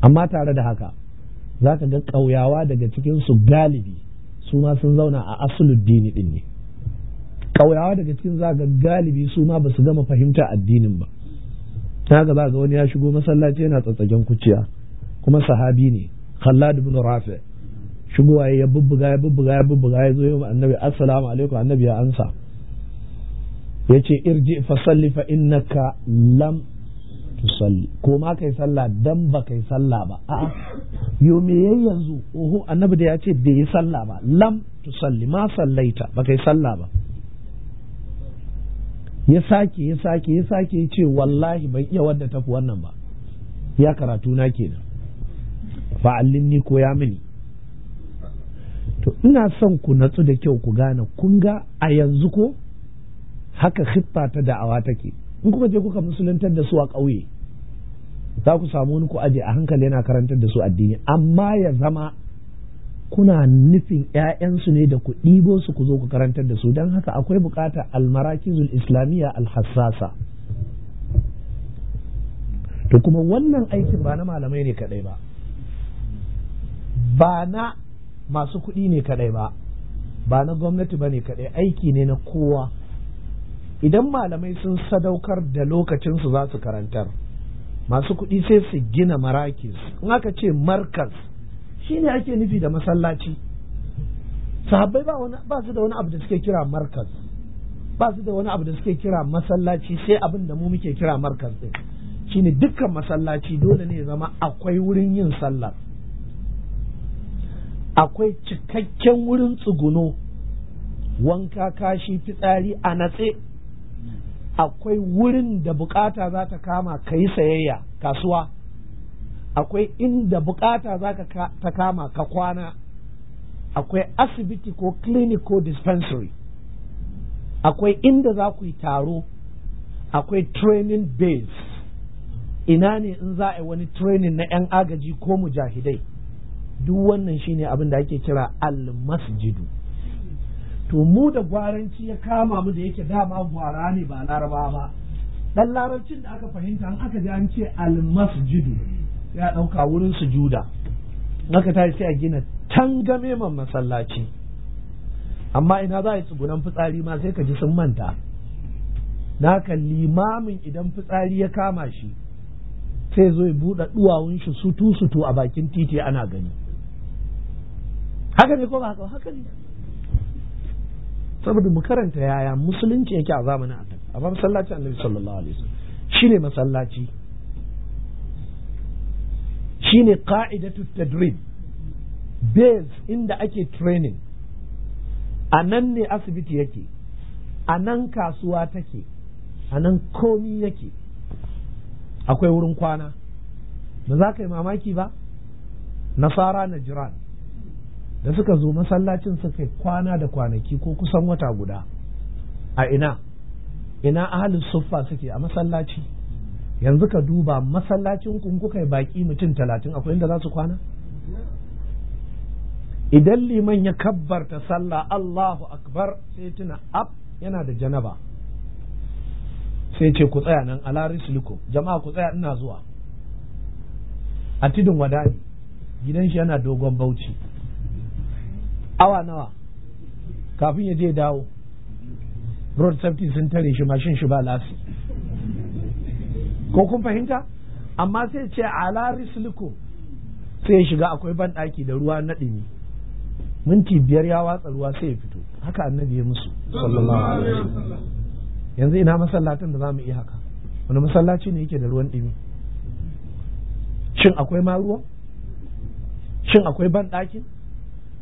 amma tare da haka za ka ga ƙauyawa daga cikinsu galibi su ma sun zauna a asulu-dini din ne ƙauyawa daga cikin za ga galibi su ma ba su gama fahimta addinin ba ta ga za ga wani ya shigo masallaci yana tsatsagen kuciya kuma sahabi ne khallad ibn rafi shigowa ya bubbuga ya bubbuga ya bubbuga ya zo yi annabi assalamu alaikum annabi ya ansa ya ce irji fa salli fa innaka lam tusalli ko ma kai sallah dan ba kai sallah ba a'a yo me yayi yanzu oho annabi da ya ce bai yi sallah ba lam tusalli ma sallaita ba kai sallah ba ya sake ya sake ya sake ya ce wallahi ban iya wadda tafi wannan ba ya karatu na kenan allimni ko ya mini to ina son ku natsu da kyau ku gane kun ga a yanzu ko haka khiffa ta da'awa take in kuka je kuka musuluntar da su a ƙauye za ku samu wani ku aje a hankali yana karantar da su addini amma ya zama kuna nufin ‘ya'yansu ne da ku ɗibo su ku zo ku karantar da su don haka akwai buƙatar almarakizul islamiyya alhassasa to kuma wannan aikin ba na malamai ne kaɗai ba ba na masu kuɗi ne kaɗai ba ba na gwamnati ba ne kaɗai aiki ne na kowa idan malamai sun sadaukar da lokacinsu za su karantar masu kuɗi sai su gina marakis in aka ce markas shine ake nufi da masallaci sahabbai ba su da wani abu da suke kira markas ba su da wani abu da suke kira masallaci sai abin da mu muke kira markas shi ne dukkan masallaci dole ne zama akwai wurin yin sallar akwai cikakken wurin tsuguno wanka kashi fitsari a natse akwai wurin da bukata za ta kama ka yi sayayya kasuwa akwai inda bukata za ta kama ka kwana akwai asibiti ko clinic ko dispensary akwai inda za ku yi taro akwai training base ina ne in za a yi wani training na 'yan agaji ko mujahidai duk wannan shine abin da ake kira al-masjidu to mu da gwaranci ya kama mu da yake dama gwara ne ba laraba ba dan larabcin da aka fahimta an aka ji an ce almasjidu ya ɗauka wurin sujuda naka tashi sai a gina tangame man masallaci amma ina za a yi tsugunan fitsari ma sai ka ji sun manta na kalli limamin idan fitsari ya kama shi sai zo ya buɗe duwawun shi sutu sutu a bakin titi ana gani haka ne ko ba haka haka ne saboda mu karanta yaya musulunci yake a zamanin annabi amma masallaci annabi sallallahu alaihi wasallam shine masallaci shine qa'idatu tadrib base inda ake training a nan ne asibiti yake a nan kasuwa take a nan komi yake akwai wurin kwana ba za ka yi mamaki ba nasara na jiran da suka zo masallacin suka kwana da kwanaki ko kusan wata guda a ina ina ahalin suffa suke a masallaci yanzu ka duba masallacin kun kuka baki mutum talatin akwai inda za su kwana idan liman ya kabbarta sallah Allahu akbar sai tuna ab yana da janaba sai ce ku tsaya nan ala rislikum jama'a ku tsaya ina zuwa a tudun wadani gidan shi yana dogon bauchi awa nawa kafin ya je dawo road safety sun tare shi mashin shi ba lasi ko kun fahimta amma sai ce ala risliku sai ya shiga akwai banɗaki da ruwa na ɗumi minti biyar ya watsa ruwa sai ya fito haka annabi ya musu yanzu ina masallatin da zamu iya haka wani masallaci ne yake da ruwan ɗumi shin akwai ma ruwa shin akwai banɗakin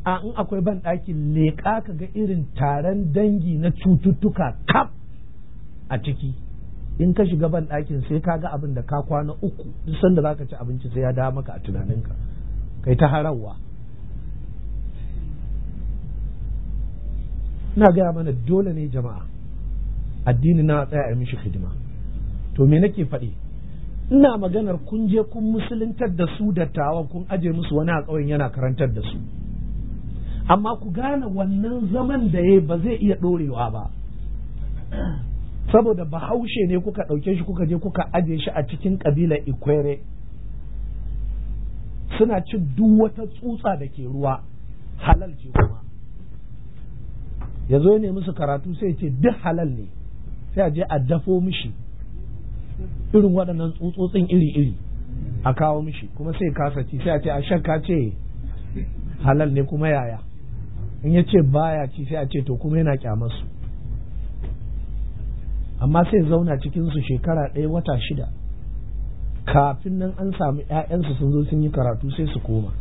a in akwai ban ɗakin leƙa ka ga irin taron dangi na cututtuka kaf a ciki in ka shiga ban ɗakin sai ka ga abin da ka kwana uku duk sanda za ka ci abinci sai ya dawo maka a tunaninka kai ta harawa na gaya mana dole ne jama'a addini na tsaya a mishi hidima to me nake faɗi ina maganar kun je kun musuluntar da su dattawan kun aje musu wani a ƙauyen yana karantar da su amma ku gane wannan zaman da ya ba zai iya ɗorewa ba saboda bahaushe ne kuka ɗauke shi kuka je kuka aje shi a cikin ƙabilar ikwere suna cin duk wata tsutsa da ke ruwa halal ce kuma ya zo ne musu karatu sai ce duk halal ne sai a je a dafo mishi irin waɗannan tsutsotsin iri-iri a kawo mishi kuma sai kasa ci sai a ce a shakka ce halal ne kuma yaya in ya ce baya ci sai a ce to kuma yana kyamarsu amma sai zauna cikinsu shekara ɗaya wata shida kafin nan an samu 'ya'yansu sun zo sun yi karatu sai su koma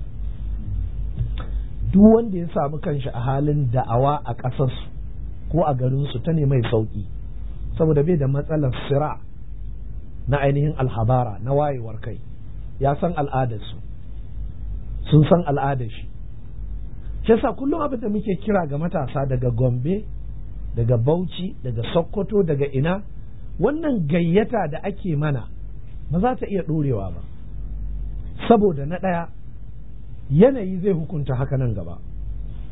duk wanda ya samu kanshi a halin da'awa a ƙasarsu ko a garinsu ta ne mai sauƙi saboda bai da matsalar sira na ainihin alhabara na wayewar kai ya san al'adarsu sun san al'adar shi yasa kullum abin da muke kira ga matasa daga gombe daga bauchi daga sokoto daga ina wannan gayyata da ake mana ba za ta iya ɗorewa ba saboda na ɗaya yanayi zai hukunta haka nan gaba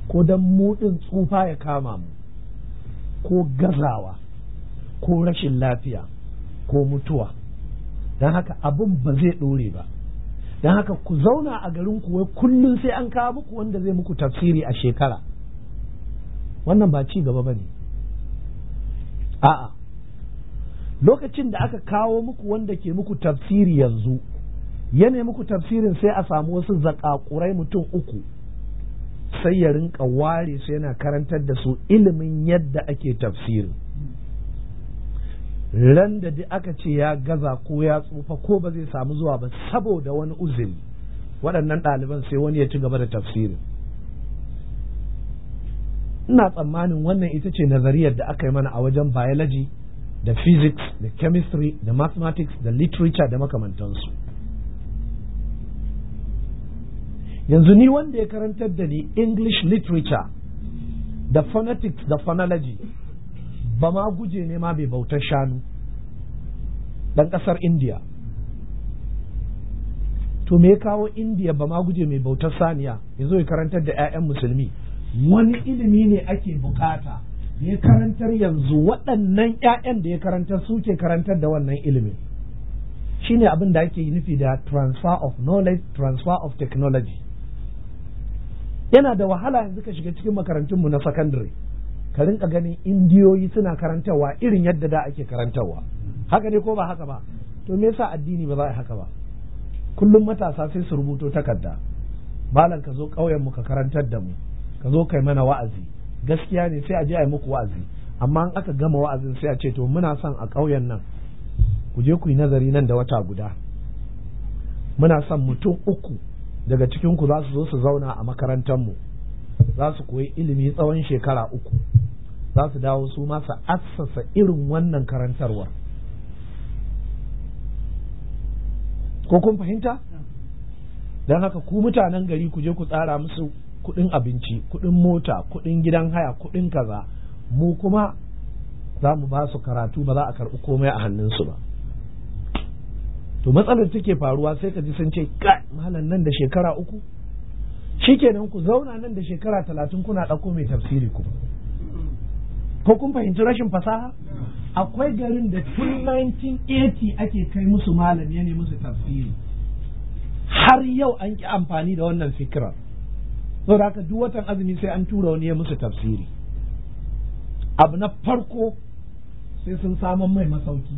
ko don muɗin tsufa ya kama mu ko gazawa ko rashin lafiya ko mutuwa don haka abin ba zai ɗore ba don haka ku zauna a garin ku wai kullum sai an kawo muku wanda zai muku tafsiri a shekara wannan ba ci gaba ba ne a'a lokacin da aka kawo muku wanda ke muku tafsiri yanzu yana muku tafsirin sai a samu wasu zaƙaƙurai mutum uku sai ya rinka ware su yana karantar da su ilimin yadda ake tafsirin ran da aka ce ya gaza ko ya tsufa ko ba zai samu zuwa ba saboda wani uzuri waɗannan ɗaliban sai wani ya ci gaba da tafsirin ina tsammanin wannan ita ce nazariyar da aka yi mana a wajen biology da physics da chemistry da mathematics da literature da makamantansu yanzu ni wanda ya karantar da ni english literature da phonetics da phonology ba ma guje ne ma bai bautar shanu dan kasar indiya to me kawo indiya ba ma guje mai bautar saniya yanzu ya karantar da 'ya'yan musulmi wani ilimi ne ake bukata ya karantar yanzu waɗannan 'ya'yan da ya karantar suke karantar da wannan ilimin ne abin da ake nufi da transfer of knowledge transfer of technology yana da wahala yanzu ka shiga cikin makarantunmu na secondary ka rinka ganin indiyoyi suna karantarwa irin yadda da ake karantarwa haka ne ko ba haka ba to me yasa addini ba za a haka ba kullum matasa sai su rubuto takarda malam ka zo ƙauyen mu ka karantar da mu ka zo kai mana wa'azi gaskiya ne sai a je a yi muku wa'azi amma in aka gama wa'azin sai a ce to muna son a ƙauyen nan ku je ku yi nazari nan da wata guda muna son mutum uku daga cikin ku za su zo su zauna a makarantar mu za su koyi ilimi tsawon shekara uku za su dawo su ma su assasa irin wannan karantarwar ko kun fahimta don haka ku mutanen gari ku je ku tsara musu kudin abinci kudin mota kudin gidan haya kudin kaza mu kuma za mu ba su karatu ba za a karɓi komai a hannun su ba to matsalar take faruwa sai ka ji sun ce malam nan da shekara uku shikenan ku zauna nan da shekara talatin kuna ɗauko mai tafsiri kuma ko kun fahimci rashin fasaha akwai garin da tun 1980 ake kai musu malam ya ne musu tafsiri har yau an ki amfani da wannan fikira saboda haka duk watan azumi sai an tura wani ya musu tafsiri abu na farko sai sun samun mai masauki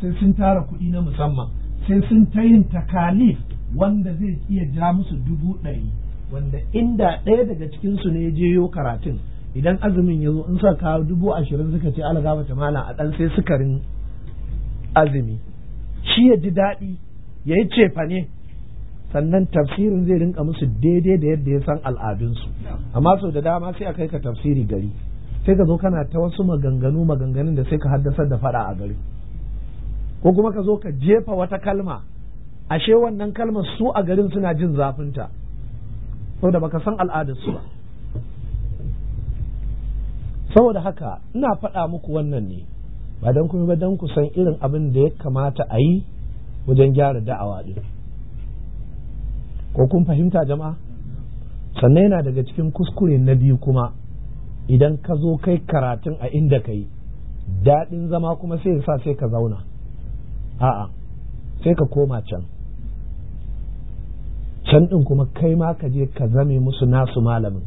sai sun tara kuɗi na musamman sai sun ta yin takalif wanda zai iya ja musu dubu ɗari wanda inda ɗaya daga cikinsu ne ya je yo karatun idan azumin ya zo in suka kawo dubu ashirin suka ce alaga mata malam a ɗan sai sukarin azumi shi ya ji daɗi ya yi cefa sannan tafsirin zai rinka musu daidai da yadda ya san al'adunsu amma sau da dama sai a kai ka tafsiri gari sai ka zo kana ta wasu maganganu maganganun da sai ka haddasar da faɗa a gari ko kuma ka zo ka jefa wata kalma ashe wannan kalmar su a garin suna jin zafinta saboda baka san al'adarsu ba saboda haka ina faɗa muku wannan ne ba don kuma ba don ku san irin abin da ya kamata a yi wajen gyara da'awa ɗin ko kun fahimta jama'a sannan yana daga cikin kuskure na biyu kuma idan ka zo kai karatun a inda ka yi daɗin zama kuma sai sa sai ka zauna a'a sai ka koma can can ɗin kuma kai ma ka je ka zame musu nasu malamin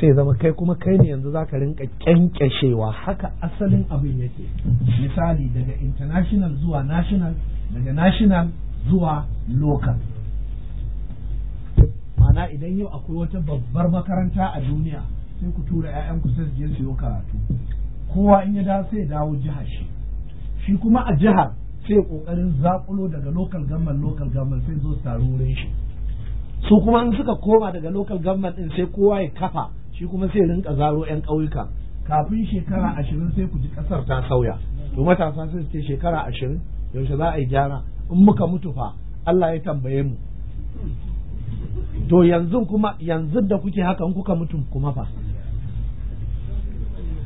sai zama kai kuma kai ne yanzu za ka rinka kyankyashewa haka asalin abin yake misali daga international zuwa national daga national zuwa local Mana idan yau akwai wata babbar makaranta a duniya sai ku tura 'ya'yanku sai su je su yi karatu kowa in ya dawo sai dawo jihar shi shi kuma a jihar sai kokarin zakulo daga local government local government sai zo su taru wurin shi su kuma in suka koma daga local government din sai kowa ya kafa shi kuma sai rinka zaro yan ƙauyuka kafin shekara ashirin sai ku ji ƙasar ta sauya to matasa sai su ce shekara ashirin yaushe za a yi gyara in muka mutu fa Allah ya tambaye mu to yanzu kuma yanzu da kuke haka in kuka mutu kuma fa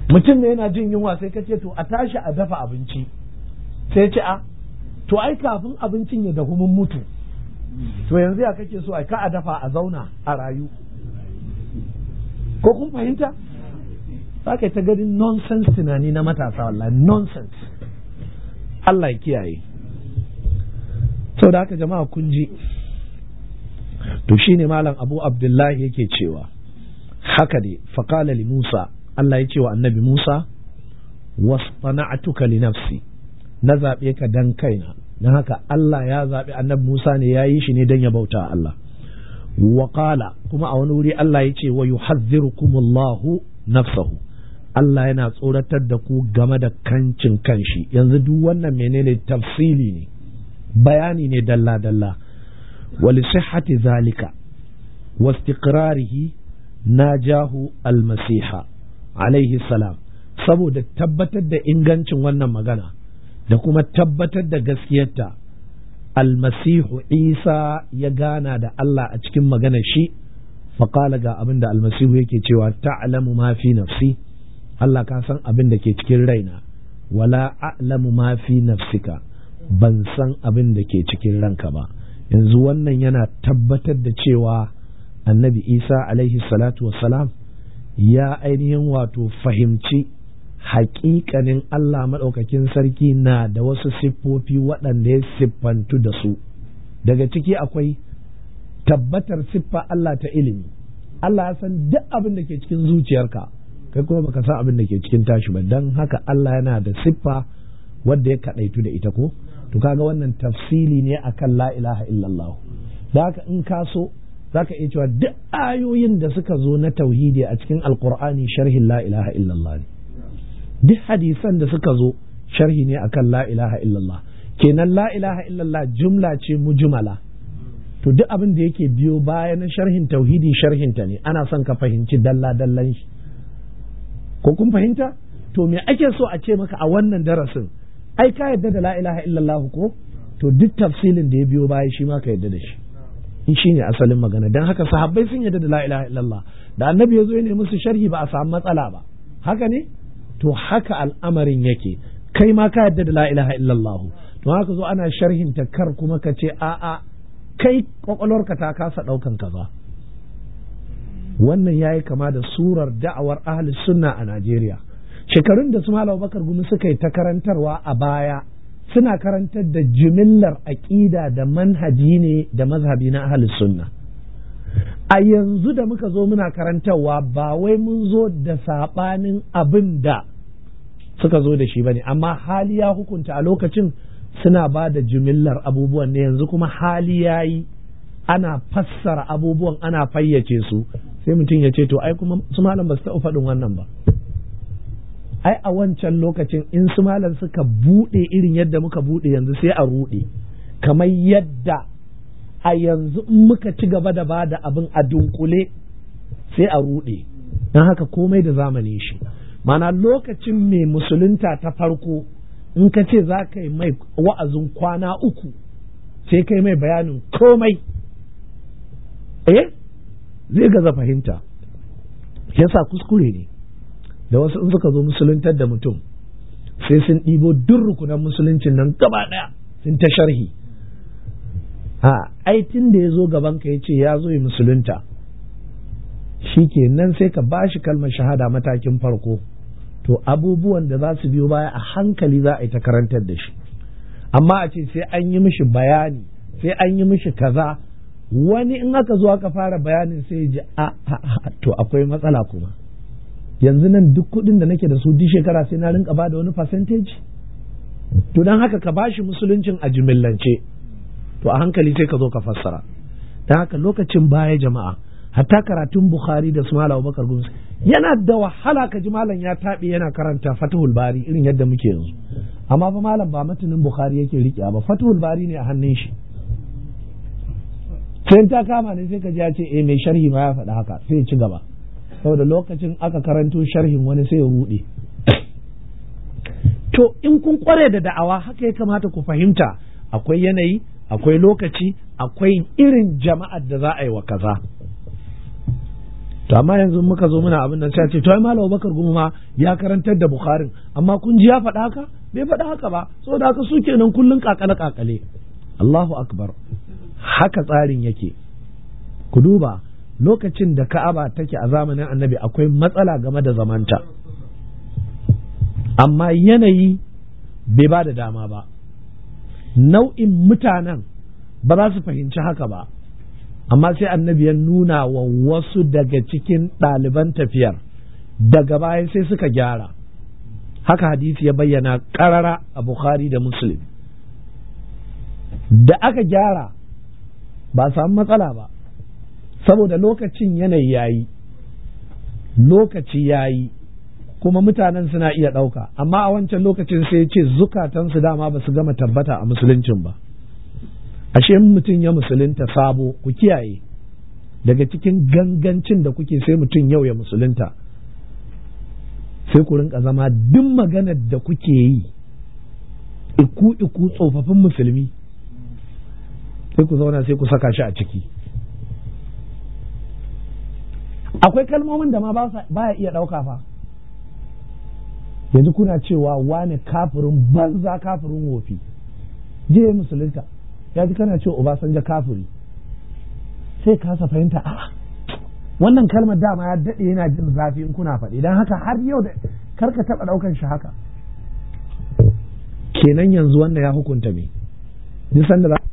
mutum ne yana jin yunwa sai kace ce to a tashi a dafa abinci sai ce a to ai kafin abincin ya dahu mun mutu to yanzu ya kake so ai ka a dafa a zauna a rayu ko kun fahimta za ka yi ta ganin nonsense tunani na matasa wallahi nonsense Allah ya kiyaye sau da haka jama'a kun ji to shine malam abu abdullahi yake cewa haka ne faƙala li musa Allah ya ce wa annabi musa wasana'atuka li nafsi na zaɓe ka dan kaina don haka Allah ya zaɓi annabi musa ne ya yi shi ne don ya bauta Allah Waƙala kuma a wani wuri Allah ya ce wa kumullahu nafsahu Allah yana tsoratar da ku game da kancin kanshi yanzu duk wannan menene tafsili ne bayani ne dalla dalla wali sihhati zalika na najahu almasiha alaihi salam saboda tabbatar da ingancin wannan magana da kuma tabbatar da gaskiyarta almasihu isa ya gana da Allah a cikin maganar shi faƙala ga abinda da almasihu yake cewa ta'lamu ma fi nafsi Allah ka san abin da ke cikin raina wala a'lamu ma fi nafsika ban san abin da ke cikin ranka ba yanzu wannan yana tabbatar da cewa annabi isa alaihi salatu wassalam ya ainihin wato fahimci haƙiƙanin Allah maɗaukakin sarki na da wasu siffofi waɗanda ya siffantu da su daga ciki akwai tabbatar siffa Allah ta ilimi Allah ya san duk abin da ke cikin zuciyarka kai kuma baka san abin da ke cikin tashi ba don haka Allah yana da siffa wadda ya kaɗaitu da ita ko to kaga wannan tafsili ne akan la ilaha illallah da haka in ka so zaka iya cewa duk ayoyin da suka zo na tauhidi a cikin alqur'ani sharhin la ilaha illallah ne duk hadisan da suka zo sharhi ne akan la ilaha illallah kenan la ilaha illallah jumla ce mujmala to duk abin da yake biyo bayan sharhin tauhidi sharhinta ne ana son ka fahimci dalla dallan shi ko kun fahimta to me ake so a ce maka a wannan darasin ai ka yadda da la ilaha illallah ko to duk tafsilin da ya biyo baya shi ma ka yadda da shi in shi ne asalin magana dan haka sahabbai sun yadda da la ilaha illallah da annabi ya zo ya nemi su sharhi ba a samu matsala ba haka ne to haka al'amarin yake kai ma ka yadda da lailaha illallahu to haka zo ana sharhin kar kuma ka ce a'a kai kwakwalwarka ta kasa daukan kaza wannan yayi kama da surar da'awar ahli sunna a Najeriya shekarun da su malam Bakar Gumi suka yi ta karantarwa a baya suna karantar da jimillar aƙida da manhaji ne da mazhabi na ahli sunna a yanzu da muka zo muna karantarwa ba wai mun zo da saɓanin abin da suka zo da shi bane amma hali ya hukunta a lokacin suna ba da jimillar abubuwan ne yanzu kuma hali ya yi ana fassara abubuwan ana fayyace su sai mutum ya ce to ai kuma su malam ba su taɓa faɗin wannan ba ai a wancan lokacin in su malam suka buɗe irin yadda muka buɗe yanzu sai a ruɗe kamar yadda a yanzu in muka ci gaba da ba da abin a dunkule sai a ruɗe don haka komai da zamani shi mana lokacin mai musulunta ta farko in ka ce za ka yi mai wa'azin kwana uku sai kai mai bayanin komai eh zai gaza fahimta sa kuskure ne da wasu in suka zo musuluntar da mutum sai sun ɗibo duk rukunan musuluncin nan gaba ɗaya sun ta sharhi ai aitin da ya zo gaban ka ya ce ya zo yi musulunta shi ke nan sai ka ba shi kalmar shahada matakin farko to abubuwan da za su biyo baya a hankali za a yi ta karantar da shi amma a ce sai an yi mishi bayani sai an yi mishi kaza wani in aka zo aka fara bayanin sai ya ji a to akwai matsala kuma yanzu nan duk kuɗin da nake da su duk shekara sai na rinka ba da wani percentage to don haka ka ba shi musuluncin a jimillance to a hankali sai ka zo ka fassara don haka lokacin baya jama'a hatta karatun bukhari da su malam bakar gumsi yana da wahala ka ji malam ya taɓe yana karanta fatihul bari irin yadda muke yanzu amma fa malam ba matanin bukhari yake riƙe ba fatihul bari ne a hannun shi sai ta kama ne sai ka ji ya ce eh mai sharhi ma ya faɗi haka sai ya ci gaba saboda lokacin aka karanto sharhin wani sai ya buɗe. to in kun kware da da'awa haka ya kamata ku fahimta akwai yanayi akwai lokaci akwai irin jama'ar da za a yi wa kaza to amma yanzu muka zo muna abin nan sai ce to ai malam Abubakar Gumi ma ya karantar da Bukharin amma kun ji ya faɗa haka bai faɗa haka ba saboda haka su kenan kullun kakale kakale Allahu akbar haka tsarin yake ku duba lokacin da Ka'aba take a zamanin Annabi akwai matsala game da zamanta amma yanayi bai ba da dama ba nau'in mutanen ba za su fahimci haka ba amma sai annabi ya nuna wa wasu daga cikin ɗaliban tafiyar daga baya sai suka gyara haka hadisi ya bayyana ƙarara a bukhari da muslim da aka gyara ba samu matsala ba saboda lokacin yanayi ya yi. lokaci ya yi kuma mutanen suna iya ɗauka amma a wancan lokacin sai ya ce zukatansu dama ba su gama tabbata a musuluncin ba ashe mutum ya musulunta sabo ku kiyaye daga cikin gangancin da kuke sai mutum yau ya musulunta sai ku rinka zama duk maganar da kuke yi iku iku tsofaffin musulmi sai ku zauna sai ku saka shi a ciki akwai kalmomin da ma ba ya iya ɗauka fa yanzu kuna cewa wani kafirin banza kafirin wofi je musulunta ya ji kana ce sanja kafiri sai kasa fahimta a ah, wannan kalmar dama ya daɗe yana jin zafi in kuna faɗi don haka har yau da karka taɓa ɗaukan shi haka kenan yanzu wanda ya hukunta me